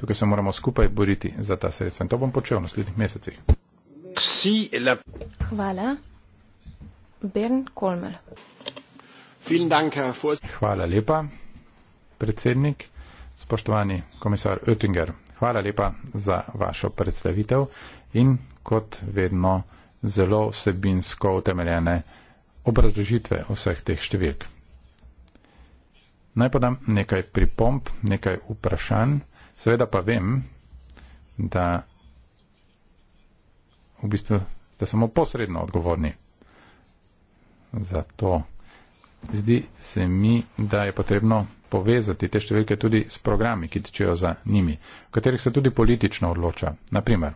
Tukaj se moramo skupaj boriti za ta sredstva in to bom počel v naslednjih mesecih. Hvala. Bern Kolmel. Hvala lepa, predsednik. Spoštovani komisar Oettinger, hvala lepa za vašo predstavitev in kot vedno zelo vsebinsko utemeljene obrazložitve vseh teh številk. Naj podam nekaj pripomp, nekaj vprašanj, seveda pa vem, da v bistvu ste samo posredno odgovorni zato. Zdi se mi, da je potrebno povezati te številke tudi s programi, ki tičejo za njimi, v katerih se tudi politično odloča. Naprimer,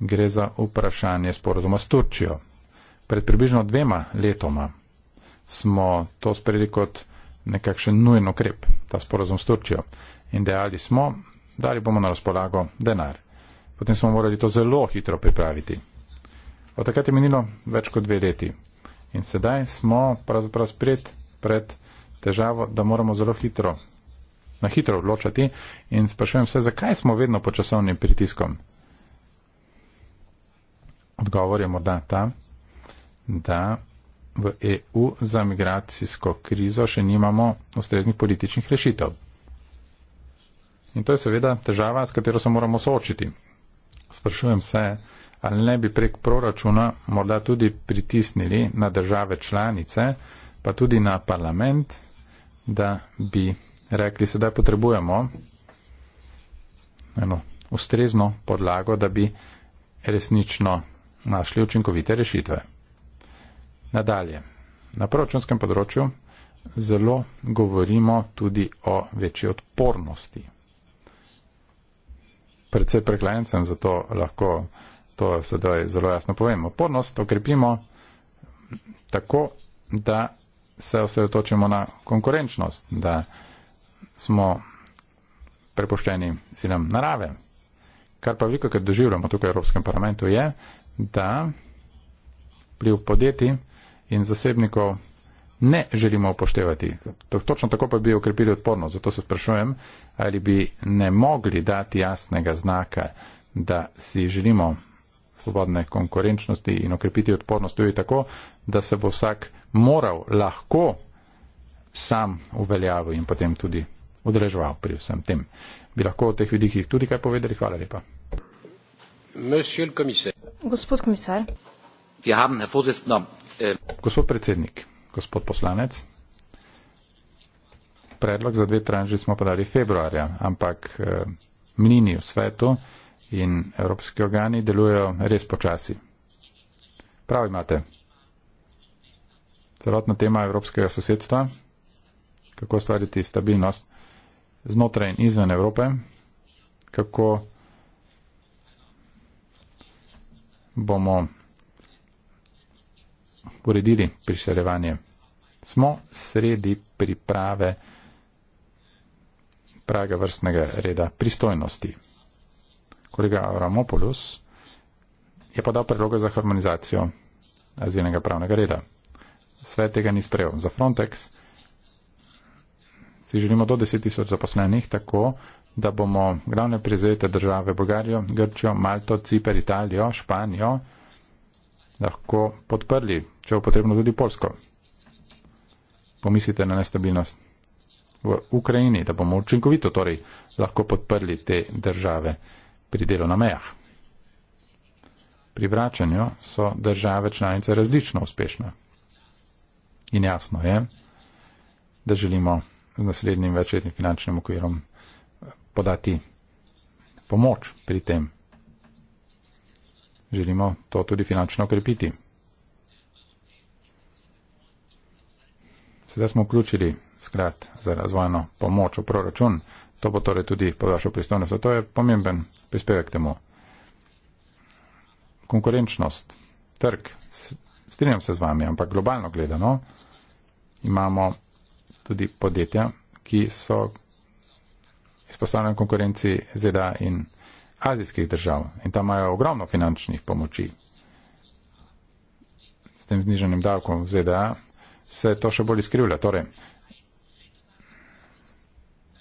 gre za vprašanje sporozuma s Turčijo. Pred približno dvema letoma smo to sprejeli kot nekakšen nujen ukrep, ta sporozum s Turčijo. In dejali smo, dali bomo na razpolago denar. Potem smo morali to zelo hitro pripraviti. Od takrat je minilo več kot dve leti. In sedaj smo pravzaprav spred pred težavo, da moramo zelo hitro, na hitro odločati in sprašujem se, zakaj smo vedno pod časovnim pritiskom. Odgovor je morda ta, da v EU za migracijsko krizo še nimamo ustreznih političnih rešitev. In to je seveda težava, s katero se moramo soočiti. Sprašujem se, ali ne bi prek proračuna morda tudi pritisnili na države članice, pa tudi na parlament, da bi rekli, sedaj potrebujemo eno ustrezno podlago, da bi resnično našli učinkovite rešitve. Nadalje, na proračunskem področju zelo govorimo tudi o večji odpornosti. Predvsej preklenjen sem, zato lahko to sedaj zelo jasno povem. Opornost okrepimo tako, da se osredotočimo na konkurenčnost, da smo prepoščeni silam narave. Kar pa veliko, kar doživljamo tukaj v Evropskem parlamentu, je, da pliv podjetij in zasebnikov ne želimo upoštevati. Točno tako pa bi okrepili odpornost. Zato se sprašujem, ali bi ne mogli dati jasnega znaka, da si želimo svobodne konkurenčnosti in okrepiti odpornost. To je tako, da se bo vsak moral lahko sam uveljavil in potem tudi odreževal pri vsem tem. Bi lahko o teh vidikih tudi kaj povedali? Hvala lepa. Gospod komisar. Äh, gospod predsednik, gospod poslanec. Predlog za dve tranži smo podali februarja, ampak eh, mnini v svetu in evropski organi delujejo res počasi. Prav imate. Celotna tema evropskega sosedstva, kako stvariti stabilnost znotraj in izven Evrope, kako bomo uredili priseljevanje. Smo sredi priprave pravega vrstnega reda pristojnosti kolega Ramopoulos je podal predloge za harmonizacijo azilnega pravnega reda. Svet tega ni sprejel. Za Frontex si želimo do 10 tisoč zaposlenih tako, da bomo glavne prizadete države Bolgarijo, Grčijo, Malto, Ciper, Italijo, Španijo lahko podprli, če bo potrebno tudi Polsko. Pomislite na nestabilnost v Ukrajini, da bomo učinkovito torej lahko podprli te države pri delu na mejah. Pri vračanju so države članice različno uspešne. In jasno je, da želimo z naslednjim večletnim finančnim okvirom podati pomoč pri tem. Želimo to tudi finančno okrepiti. Sedaj smo vključili sklad za razvojno pomoč v proračun, To bo torej tudi pod vašo pristojnost. To je pomemben prispevek temu. Konkurenčnost, trg, strinjam se z vami, ampak globalno gledano imamo tudi podjetja, ki so izpostavljene konkurenci ZDA in azijskih držav in tam imajo ogromno finančnih pomoči. S tem zniženim davkom ZDA se to še bolj izkrivlja. Torej,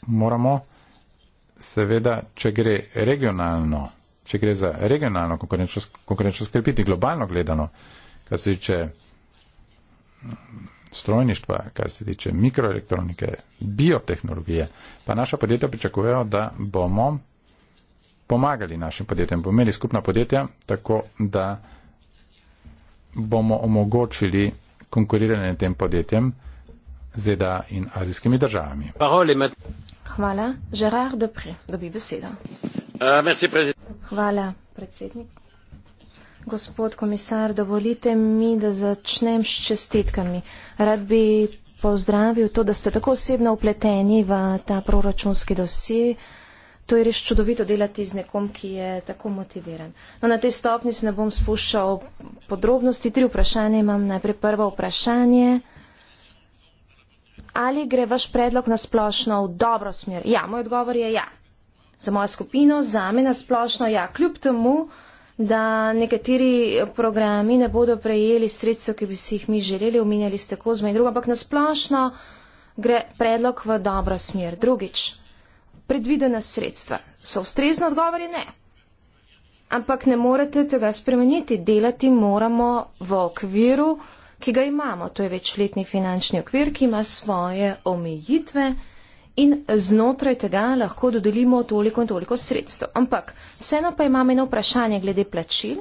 moramo seveda, če gre regionalno, če gre za regionalno konkurenčnost, konkurenčnost krepiti globalno gledano, kar se tiče mm, strojništva, kar se tiče mikroelektronike, biotehnologije, pa naša podjetja pričakujejo, da bomo pomagali našim podjetjem, bomo imeli skupna podjetja, tako da bomo omogočili konkuriranje tem podjetjem, ZDA e in azijskimi državami. Hvala, Gerard Depre, dobi besedo. Hvala, predsednik. Gospod komisar, dovolite mi, da začnem s čestitkami. Rad bi pozdravil to, da ste tako osebno upleteni v ta proračunski dosi. To je res čudovito delati z nekom, ki je tako motiviran. No, na tej stopni se ne bom spuščal podrobnosti. Tri vprašanje imam. Najprej prvo vprašanje. Ali gre vaš predlog na splošno v dobro smer? Ja, moj odgovor je ja. Za mojo skupino, za me na splošno ja. Kljub temu, da nekateri programi ne bodo prejeli sredstev, ki bi si jih mi želeli, omenjali ste kozme in drugo, ampak na splošno gre predlog v dobro smer. Drugič, predvidena sredstva. So ustrezno odgovori? Ne. Ampak ne morete tega spremeniti. Delati moramo v okviru ki ga imamo. To je večletni finančni okvir, ki ima svoje omejitve in znotraj tega lahko dodelimo toliko in toliko sredstev. Ampak vseeno pa imam eno vprašanje glede plačil.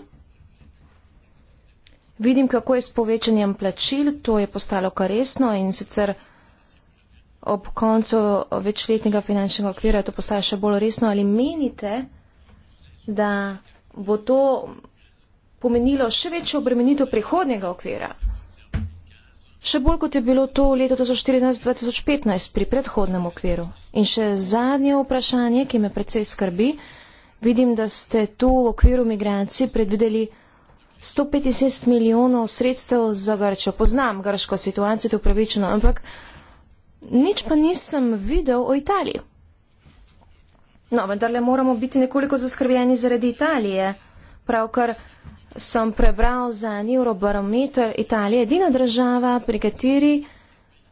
Vidim, kako je s povečanjem plačil, to je postalo kar resno in sicer ob koncu večletnega finančnega okvira to postaja še bolj resno. Ali menite, da bo to pomenilo še večjo obremenitev prihodnega okvira? Še bolj kot je bilo to leto 2014-2015 pri predhodnem okviru. In še zadnje vprašanje, ki me predvsej skrbi, vidim, da ste tu v okviru migracij predvideli 165 milijonov sredstev za Grčo. Poznam grško situacijo, to je upravičeno, ampak nič pa nisem videl o Italiji. No, vendarle moramo biti nekoliko zaskrbljeni zaradi Italije. Pravkar sem prebral za neurobarometer Italije edina država, pri kateri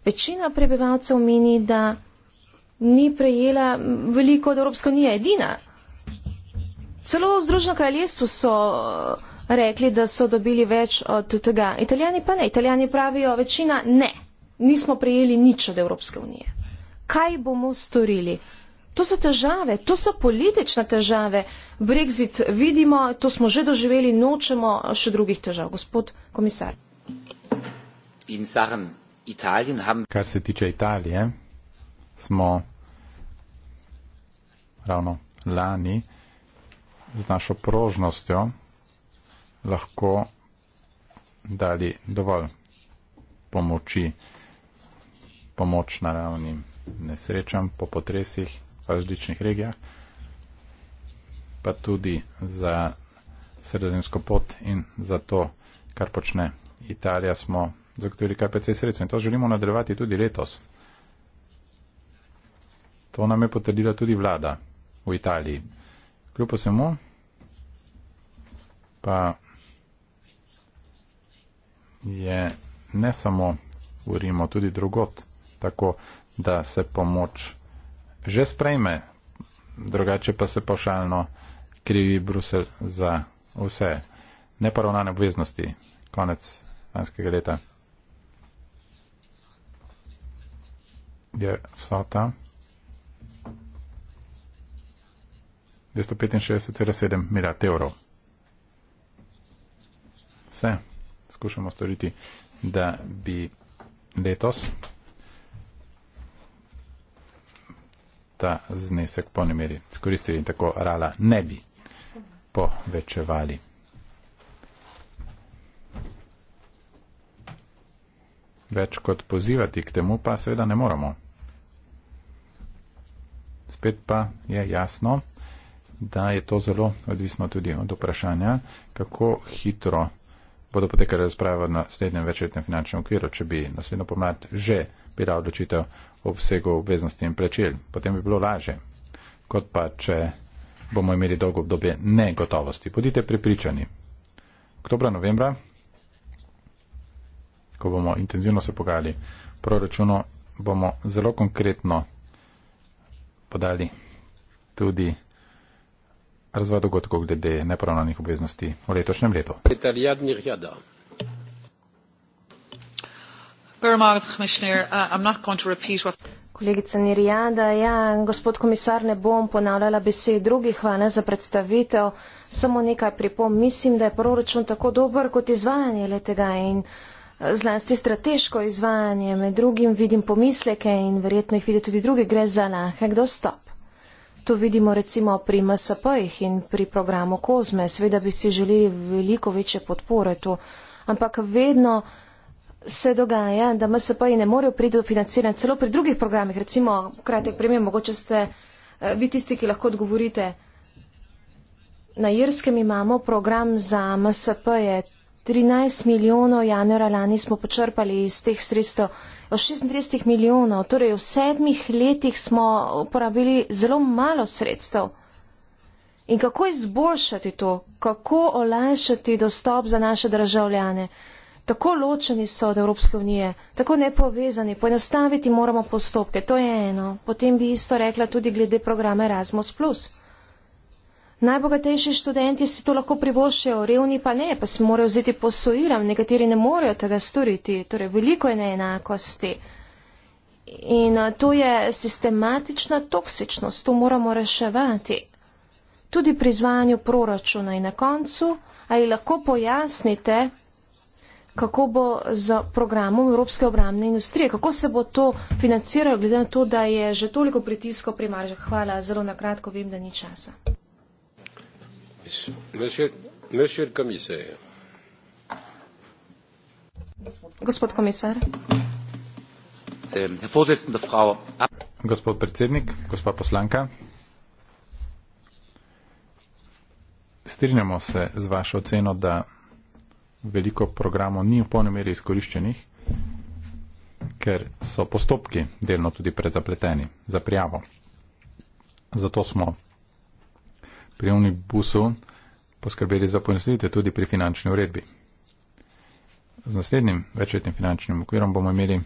večina prebivalcev meni, da ni prejela veliko od Evropske unije. Edina. Celo v Združeno kraljestvu so eh, rekli, da so dobili več od tega. Italijani pa ne. Italijani pravijo, večina ne. Nismo prejeli nič od Evropske unije. Kaj bomo storili? To so težave, to so politične težave. Brexit vidimo, to smo že doživeli, nočemo še drugih težav, gospod komisar. Kar se tiče Italije, smo ravno lani z našo prožnostjo lahko dali dovolj pomoči, pomoč na ravni nesrečam po potresih različnih regijah, pa tudi za sredozemsko pot in za to, kar počne Italija, smo zagotovili kar precej sredstva in to želimo nadaljevati tudi letos. To nam je potrdila tudi vlada v Italiji. Kljub vsemu pa je ne samo v Rimu, tudi drugot, tako da se pomoč že sprejme, drugače pa se pošalno krivi Brusel za vse neporavnane obveznosti konec lanskega leta. Je sota 265,7 milijard evrov. Vse skušamo storiti, da bi letos ta znesek po nemeri skoristili in tako rala ne bi povečevali. Več kot pozivati k temu pa seveda ne moramo. Spet pa je jasno, da je to zelo odvisno tudi od vprašanja, kako hitro bodo potekale razprave na naslednjem večletnem finančnem okviru, če bi naslednjo pomlad že bila odločitev o vsegu obveznosti in plačil. Potem bi bilo laže, kot pa če bomo imeli dolgo obdobje negotovosti. Podite pripričani. Oktobra, novembra, ko bomo intenzivno se pogajali proračuno, bomo zelo konkretno podali tudi razvoj dogodkov glede nepravnanih obveznosti v letošnjem letu. Uh, Kolegica Nirjada, ja, gospod komisar, ne bom ponavljala besed drugih, hvala za predstavitev. Samo nekaj pripom, mislim, da je proračun tako dober kot izvajanje letega in eh, zlasti strateško izvajanje. Med drugim vidim pomisleke in verjetno jih vidi tudi drugi, gre za lahek dostop. To vidimo recimo pri MSP-jih in pri programu Kozme. Sveda bi si želeli veliko večje podpore tu, ampak vedno se dogaja, da MSP-ji ne morejo priti do financiranja, celo pri drugih programih, recimo, kratek primer, mogoče ste eh, vi tisti, ki lahko odgovorite. Na Irskem imamo program za MSP-je, 13 milijonov januara lani smo počrpali iz teh sredstev, o 36 milijonov, torej v sedmih letih smo uporabili zelo malo sredstev. In kako izboljšati to, kako olajšati dostop za naše državljane? tako ločeni so od Evropske unije, tako nepovezani, poenostaviti moramo postopke, to je eno. Potem bi isto rekla tudi glede programa Erasmus. Najbogatejši študenti si to lahko privošijo, revni pa ne, pa si morajo vzeti posojila, nekateri ne morejo tega storiti, torej veliko je neenakosti. In to je sistematična toksičnost, to moramo reševati. Tudi pri izvajanju proračuna in na koncu, ali lahko pojasnite, kako bo z programom Evropske obramne industrije, kako se bo to financiralo, glede na to, da je že toliko pritiskov pri maržah. Hvala, zelo na kratko vem, da ni časa. Monsieur, monsieur Gospod komisar. Ähm, Gospod predsednik, gospa poslanka. Strinjamo se z vašo oceno, da veliko programov ni v polni meri izkoriščenih, ker so postopki delno tudi prezapleteni za prijavo. Zato smo pri Unibusu poskrbeli za pojasnitve tudi pri finančni uredbi. Z naslednjim večletnim finančnim okvirom bomo imeli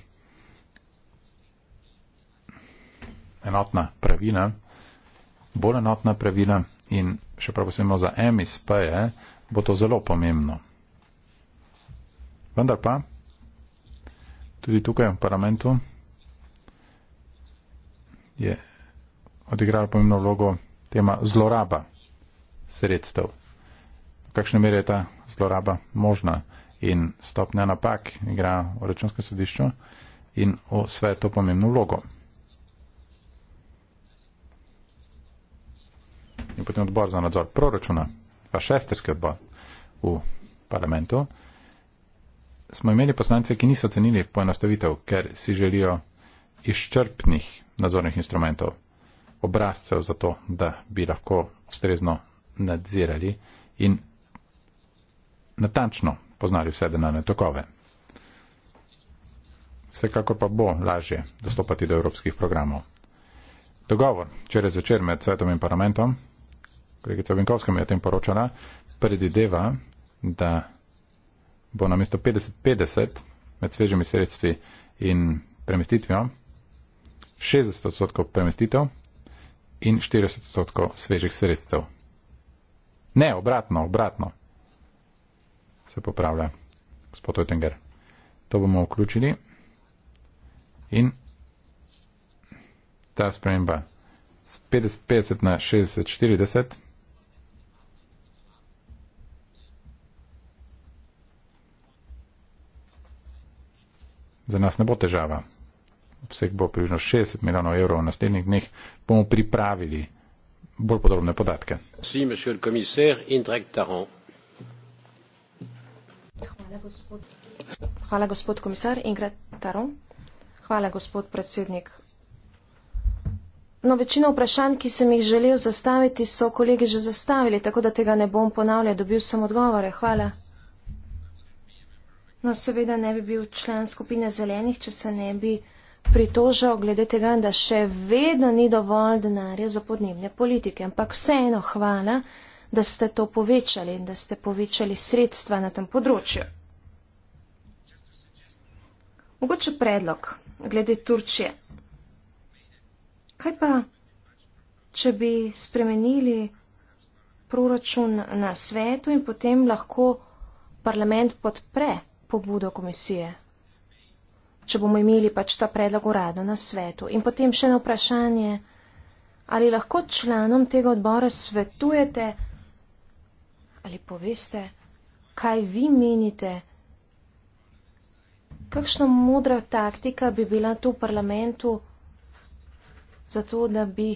enotna pravila, bolj enotna pravila in še prav posebno za MSP je, bo to zelo pomembno. Vendar pa, tudi tukaj v parlamentu je odigrala pomembno vlogo tema zloraba sredstev. V kakšne mere je ta zloraba možna in stopnja napak igra v računskem sodišču in v sveto pomembno vlogo. In potem odbor za nadzor proračuna, pa šesterski odbor v parlamentu smo imeli poslance, ki niso cenili poenostavitev, ker si želijo izčrpnih nadzornih instrumentov, obrazcev za to, da bi lahko ustrezno nadzirali in natančno poznali vse denarne tokove. Vsekakor pa bo lažje dostopati do evropskih programov. Dogovor včeraj začer med svetom in parlamentom, kolegica Vinkovska mi je o tem poročala, predideva, da bo na mesto 50-50 med svežimi sredstvi in premestitvijo 60 odstotkov premestitev in 40 odstotkov svežih sredstev. Ne, obratno, obratno. Se popravlja gospod Oettinger. To bomo vključili in ta sprememba z 50-50 na 60-40. za nas ne bo težava. Vseh bo približno 60 milijonov evrov v naslednjih dneh, bomo pripravili bolj podrobne podatke. Si, Hvala, gospod. Hvala, gospod komisar Ingrid Taron. Hvala, gospod predsednik. No, večino vprašanj, ki sem jih želel zastaviti, so kolegi že zastavili, tako da tega ne bom ponavljal, dobil sem odgovore. Hvala. No, seveda ne bi bil član skupine zelenih, če se ne bi pritožal glede tega, da še vedno ni dovolj denarja za podnebne politike. Ampak vseeno hvala, da ste to povečali in da ste povečali sredstva na tem področju. Mogoče predlog glede Turčije. Kaj pa, če bi spremenili proračun na svetu in potem lahko parlament podpre pobudo komisije. Če bomo imeli pač ta predlog uradno na svetu. In potem še na vprašanje, ali lahko članom tega odbora svetujete ali poveste, kaj vi menite, kakšna modra taktika bi bila tu v parlamentu, zato da bi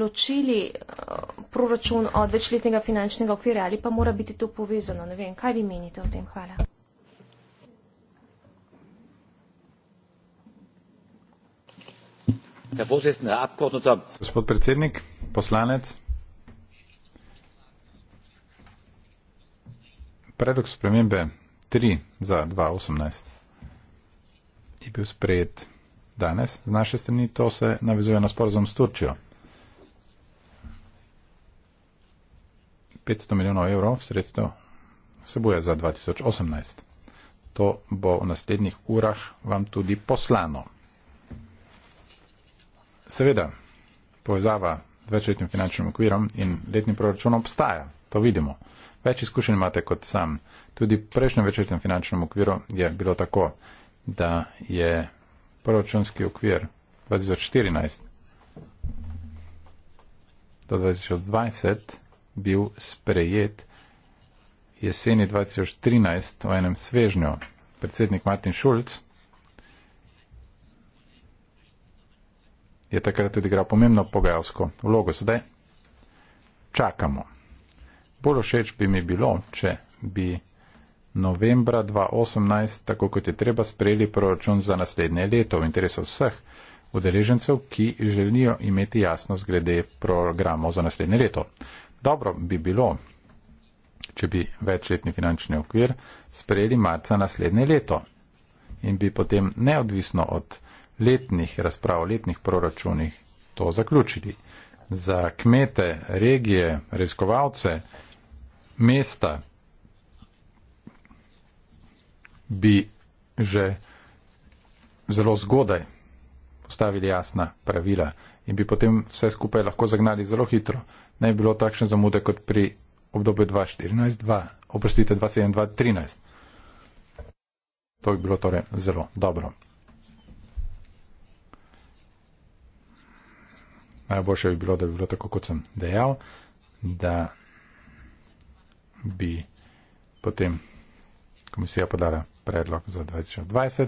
ločili. Uh, proračun od večletnega finančnega okvira ali pa mora biti to povezano. Ne vem, kaj vi menite o tem? Hvala. Gospod predsednik, poslanec. Predlog spremembe 3 za 2018 je bil sprejet danes z naše strani. To se navizuje na sporozum s Turčijo. 500 milijonov evrov sredstev vsebuje za 2018. To bo v naslednjih urah vam tudi poslano. Seveda, povezava z večletnim finančnim okvirom in letnim proračunom obstaja, to vidimo. Več izkušenj imate kot sam. Tudi v prejšnjem večletnem finančnem okviru je bilo tako, da je proračunski okvir 2014 do 2020 bil sprejet jeseni 2013 v enem svežnju. Predsednik Martin Schulz je takrat tudi igral pomembno pogajalsko vlogo. Sedaj čakamo. Bolj všeč bi mi bilo, če bi novembra 2018, tako kot je treba, sprejeli proračun za naslednje leto v interesu vseh udeležencev, ki želijo imeti jasnost glede programov za naslednje leto. Dobro bi bilo, če bi večletni finančni okvir sprejeli marca naslednje leto in bi potem neodvisno od letnih razprav, letnih proračunih to zaključili. Za kmete, regije, reskovalce, mesta bi že zelo zgodaj postavili jasna pravila in bi potem vse skupaj lahko zagnali zelo hitro naj bilo takšne zamude kot pri obdobju 2014-2, oprostite, 2007-2013. To bi bilo torej zelo dobro. Najboljše bi bilo, da bi bilo tako, kot sem dejal, da bi potem komisija podala predlog za 2020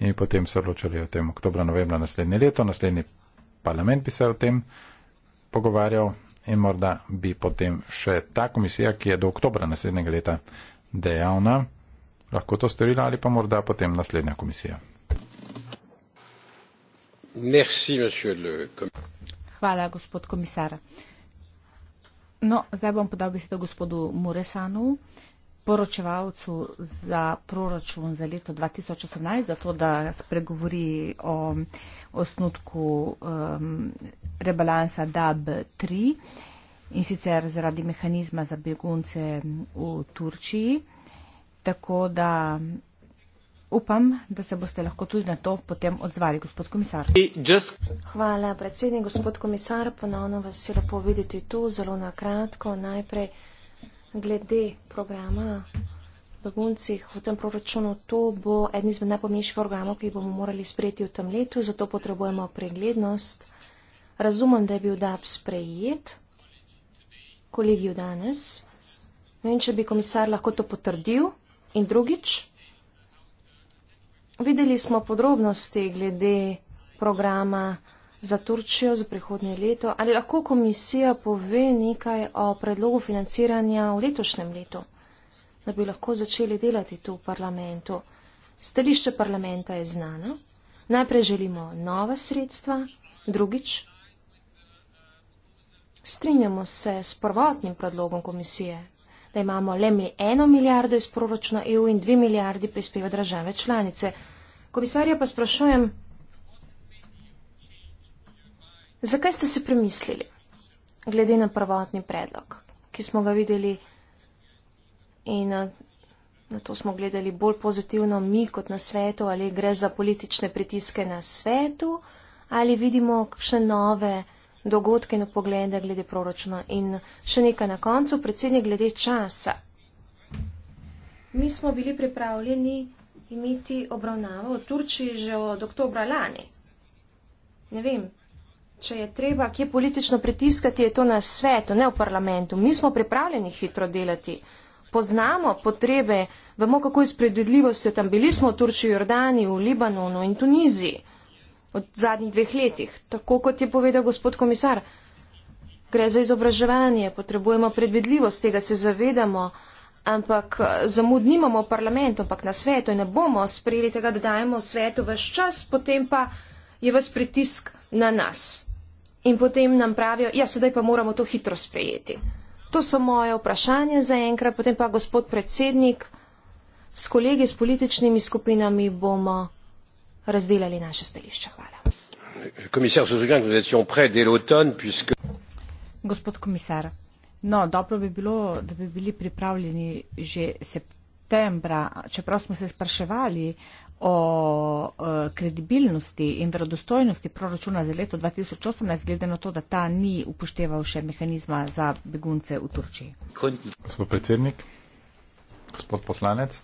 in potem se odločili o tem oktobra, novembra naslednje leto, naslednji parlament bi se o tem pogovarjal, in morda bi potem še ta komisija, ki je do oktobra naslednjega leta dejavna, lahko to storila ali pa morda potem naslednja komisija. Merci, le... Hvala, gospod komisar. No, zdaj bom podal besedo gospodu Muresanu poročevalcu za proračun za leto 2018, zato da spregovori o osnutku um, rebalansa DAB-3 in sicer zaradi mehanizma za begunce v Turčiji. Tako da upam, da se boste lahko tudi na to potem odzvali, gospod komisar. Hvala, predsednik, gospod komisar. Ponovno vas je lepo videti tu, zelo na kratko. Najprej glede programa beguncih v tem proračunu, to bo eden izmed najpomembnejših programov, ki jih bomo morali sprejeti v tem letu, zato potrebujemo preglednost. Razumem, da je bil DAP sprejet, kolegijo danes. Ne vem, če bi komisar lahko to potrdil. In drugič, videli smo podrobnosti glede programa za Turčijo za prihodnje leto. Ali lahko komisija pove nekaj o predlogu financiranja v letošnjem letu, da bi lahko začeli delati tu v parlamentu? Stališče parlamenta je znano. Najprej želimo nova sredstva, drugič. Strinjamo se s prvotnim predlogom komisije, da imamo le eno milijardo iz proračuna EU in dve milijardi prispeva države članice. Komisarja pa sprašujem, Zakaj ste se premislili, glede na prvotni predlog, ki smo ga videli in na, eh, na to smo gledali bolj pozitivno mi kot na svetu, ali gre za politične pritiske na svetu, ali vidimo še nove dogodke in poglede glede proračuna. In še nekaj na koncu, predsednik, glede časa. Mi smo bili pripravljeni imeti obravnavo v Turčiji že od oktobra lani. Ne vem, Če je treba kje politično pritiskati, je to na svetu, ne v parlamentu. Mi smo pripravljeni hitro delati. Poznamo potrebe, vemo, kako je s predvidljivostjo tam. Bili smo v Turčiji, Jordaniji, v Libanonu in Tuniziji od zadnjih dveh letih. Tako kot je povedal gospod komisar, gre za izobraževanje, potrebujemo predvidljivost, tega se zavedamo, ampak eh, zamud nimamo v parlamentu, ampak na svetu in ne bomo sprejeli tega, da dajemo svetu vaš čas, potem pa je vas pritisk na nas in potem nam pravijo, ja, sedaj pa moramo to hitro sprejeti. To so moje vprašanje za enkrat, potem pa gospod predsednik, s kolegi s političnimi skupinami bomo razdelali naše stališče. Hvala. Gospod komisar, no, dobro bi bilo, da bi bili pripravljeni že septembra, čeprav smo se spraševali o e, kredibilnosti in verodostojnosti proračuna za leto 2018, glede na to, da ta ni upošteval še mehanizma za begunce v Turčiji. Gospod predsednik, gospod poslanec,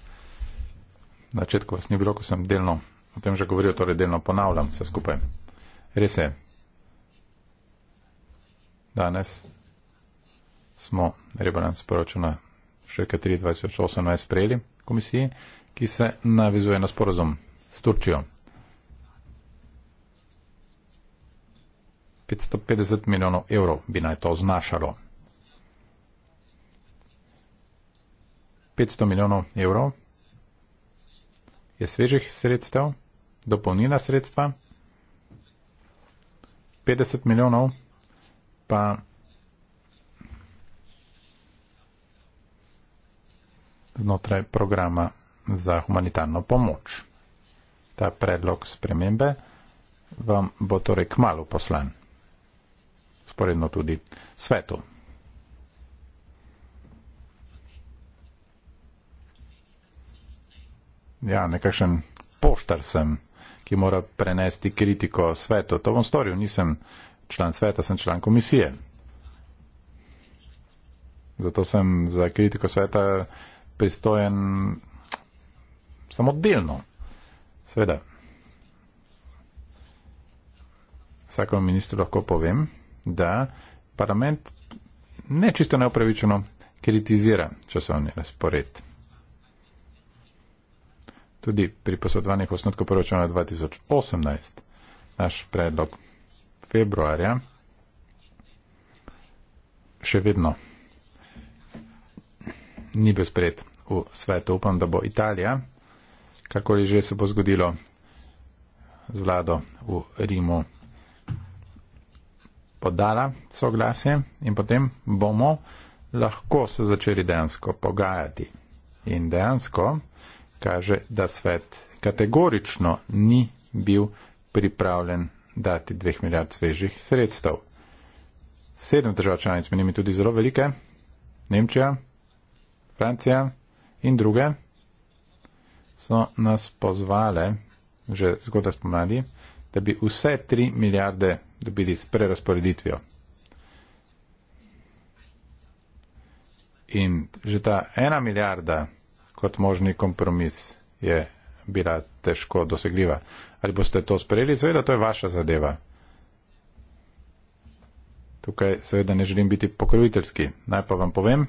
na začetku vas ni bilo, ko sem delno o tem že govoril, torej delno ponavljam vse skupaj. Res je, danes smo rebalans proračuna še 23.18 sprejeli komisiji, ki se navizuje na sporozum s Turčijo. 550 milijonov evrov bi naj to znašalo. 500 milijonov evrov je svežih sredstev, dopolnila sredstva, 50 milijonov pa znotraj programa za humanitarno pomoč. Ta predlog spremembe vam bo torej kmalo poslan, sporedno tudi svetu. Ja, nekakšen poštar sem, ki mora prenesti kritiko svetu. To bom storil, nisem član sveta, sem član komisije. Zato sem za kritiko sveta pristojen samo delno. Sveda, vsakemu ministru lahko povem, da parlament ne čisto neopravičeno kritizira časovni razpored. Tudi pri posodovanih osnotkov poročanja 2018, naš predlog februarja, še vedno ni bil spred v svetu. Upam, da bo Italija karkoli že se bo zgodilo z vlado v Rimu, podala soglasje in potem bomo lahko se začeli dejansko pogajati. In dejansko kaže, da svet kategorično ni bil pripravljen dati 2 milijard svežih sredstev. Sedem držav članic, menim tudi zelo velike, Nemčija, Francija in druge so nas pozvale, že zgodaj spomladi, da bi vse 3 milijarde dobili s prerasporeditvijo. In že ta ena milijarda kot možni kompromis je bila težko dosegljiva. Ali boste to sprejeli? Seveda, to je vaša zadeva. Tukaj seveda ne želim biti pokroviteljski. Naj pa vam povem,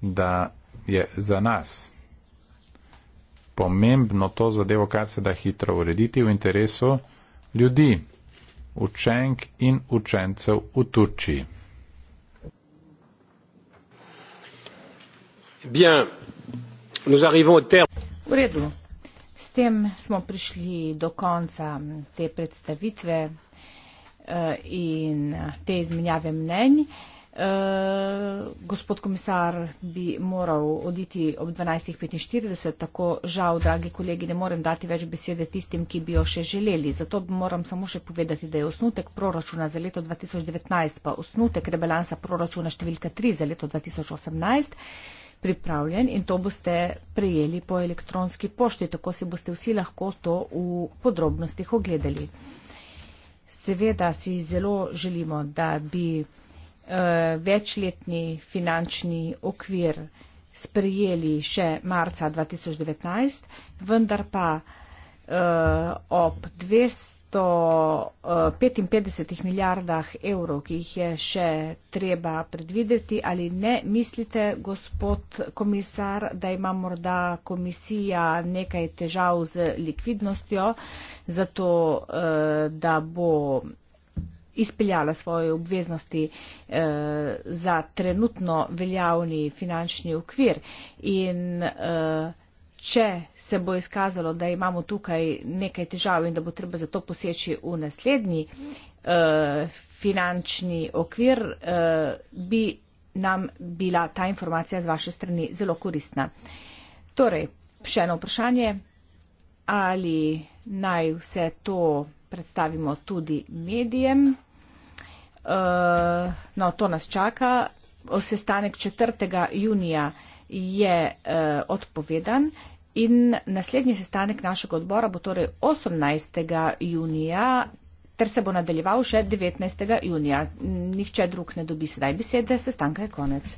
da je za nas pomembno to zadevo, kar se da hitro urediti v interesu ljudi, učenk in učencev v Turčiji. Bien. Nous arrivons au terme. V redu. S tem smo prišli do konca te predstavitve uh, in te izmenjave mnenj. Uh, Eh, gospod komisar bi moral oditi ob 12.45, tako žal, dragi kolegi, ne morem dati več besede tistim, ki bi jo še želeli. Zato moram samo še povedati, da je osnutek proračuna za leto 2019 pa osnutek rebalansa proračuna številka 3 za leto 2018 pripravljen in to boste prejeli po elektronski pošti, tako si boste vsi lahko to v podrobnostih ogledali. Seveda si zelo želimo, da bi Eh, večletni finančni okvir sprejeli še marca 2019, vendar pa eh, ob 255 eh, milijardah evrov, ki jih je še treba predvideti, ali ne mislite, gospod komisar, da ima morda komisija nekaj težav z likvidnostjo, zato da bo izpeljala svoje obveznosti eh, za trenutno veljavni finančni okvir in eh, Če se bo izkazalo, da imamo tukaj nekaj težav in da bo treba za to poseči v naslednji eh, finančni okvir, eh, bi nam bila ta informacija z vaše strani zelo koristna. Torej, še eno vprašanje, ali naj vse to predstavimo tudi medijem. Uh, no, to nas čaka. Sestanek 4. junija je uh, odpovedan in naslednji sestanek našega odbora bo torej 18. junija, ter se bo nadaljeval še 19. junija. Nihče drug ne dobi sedaj besede, sestanka je konec.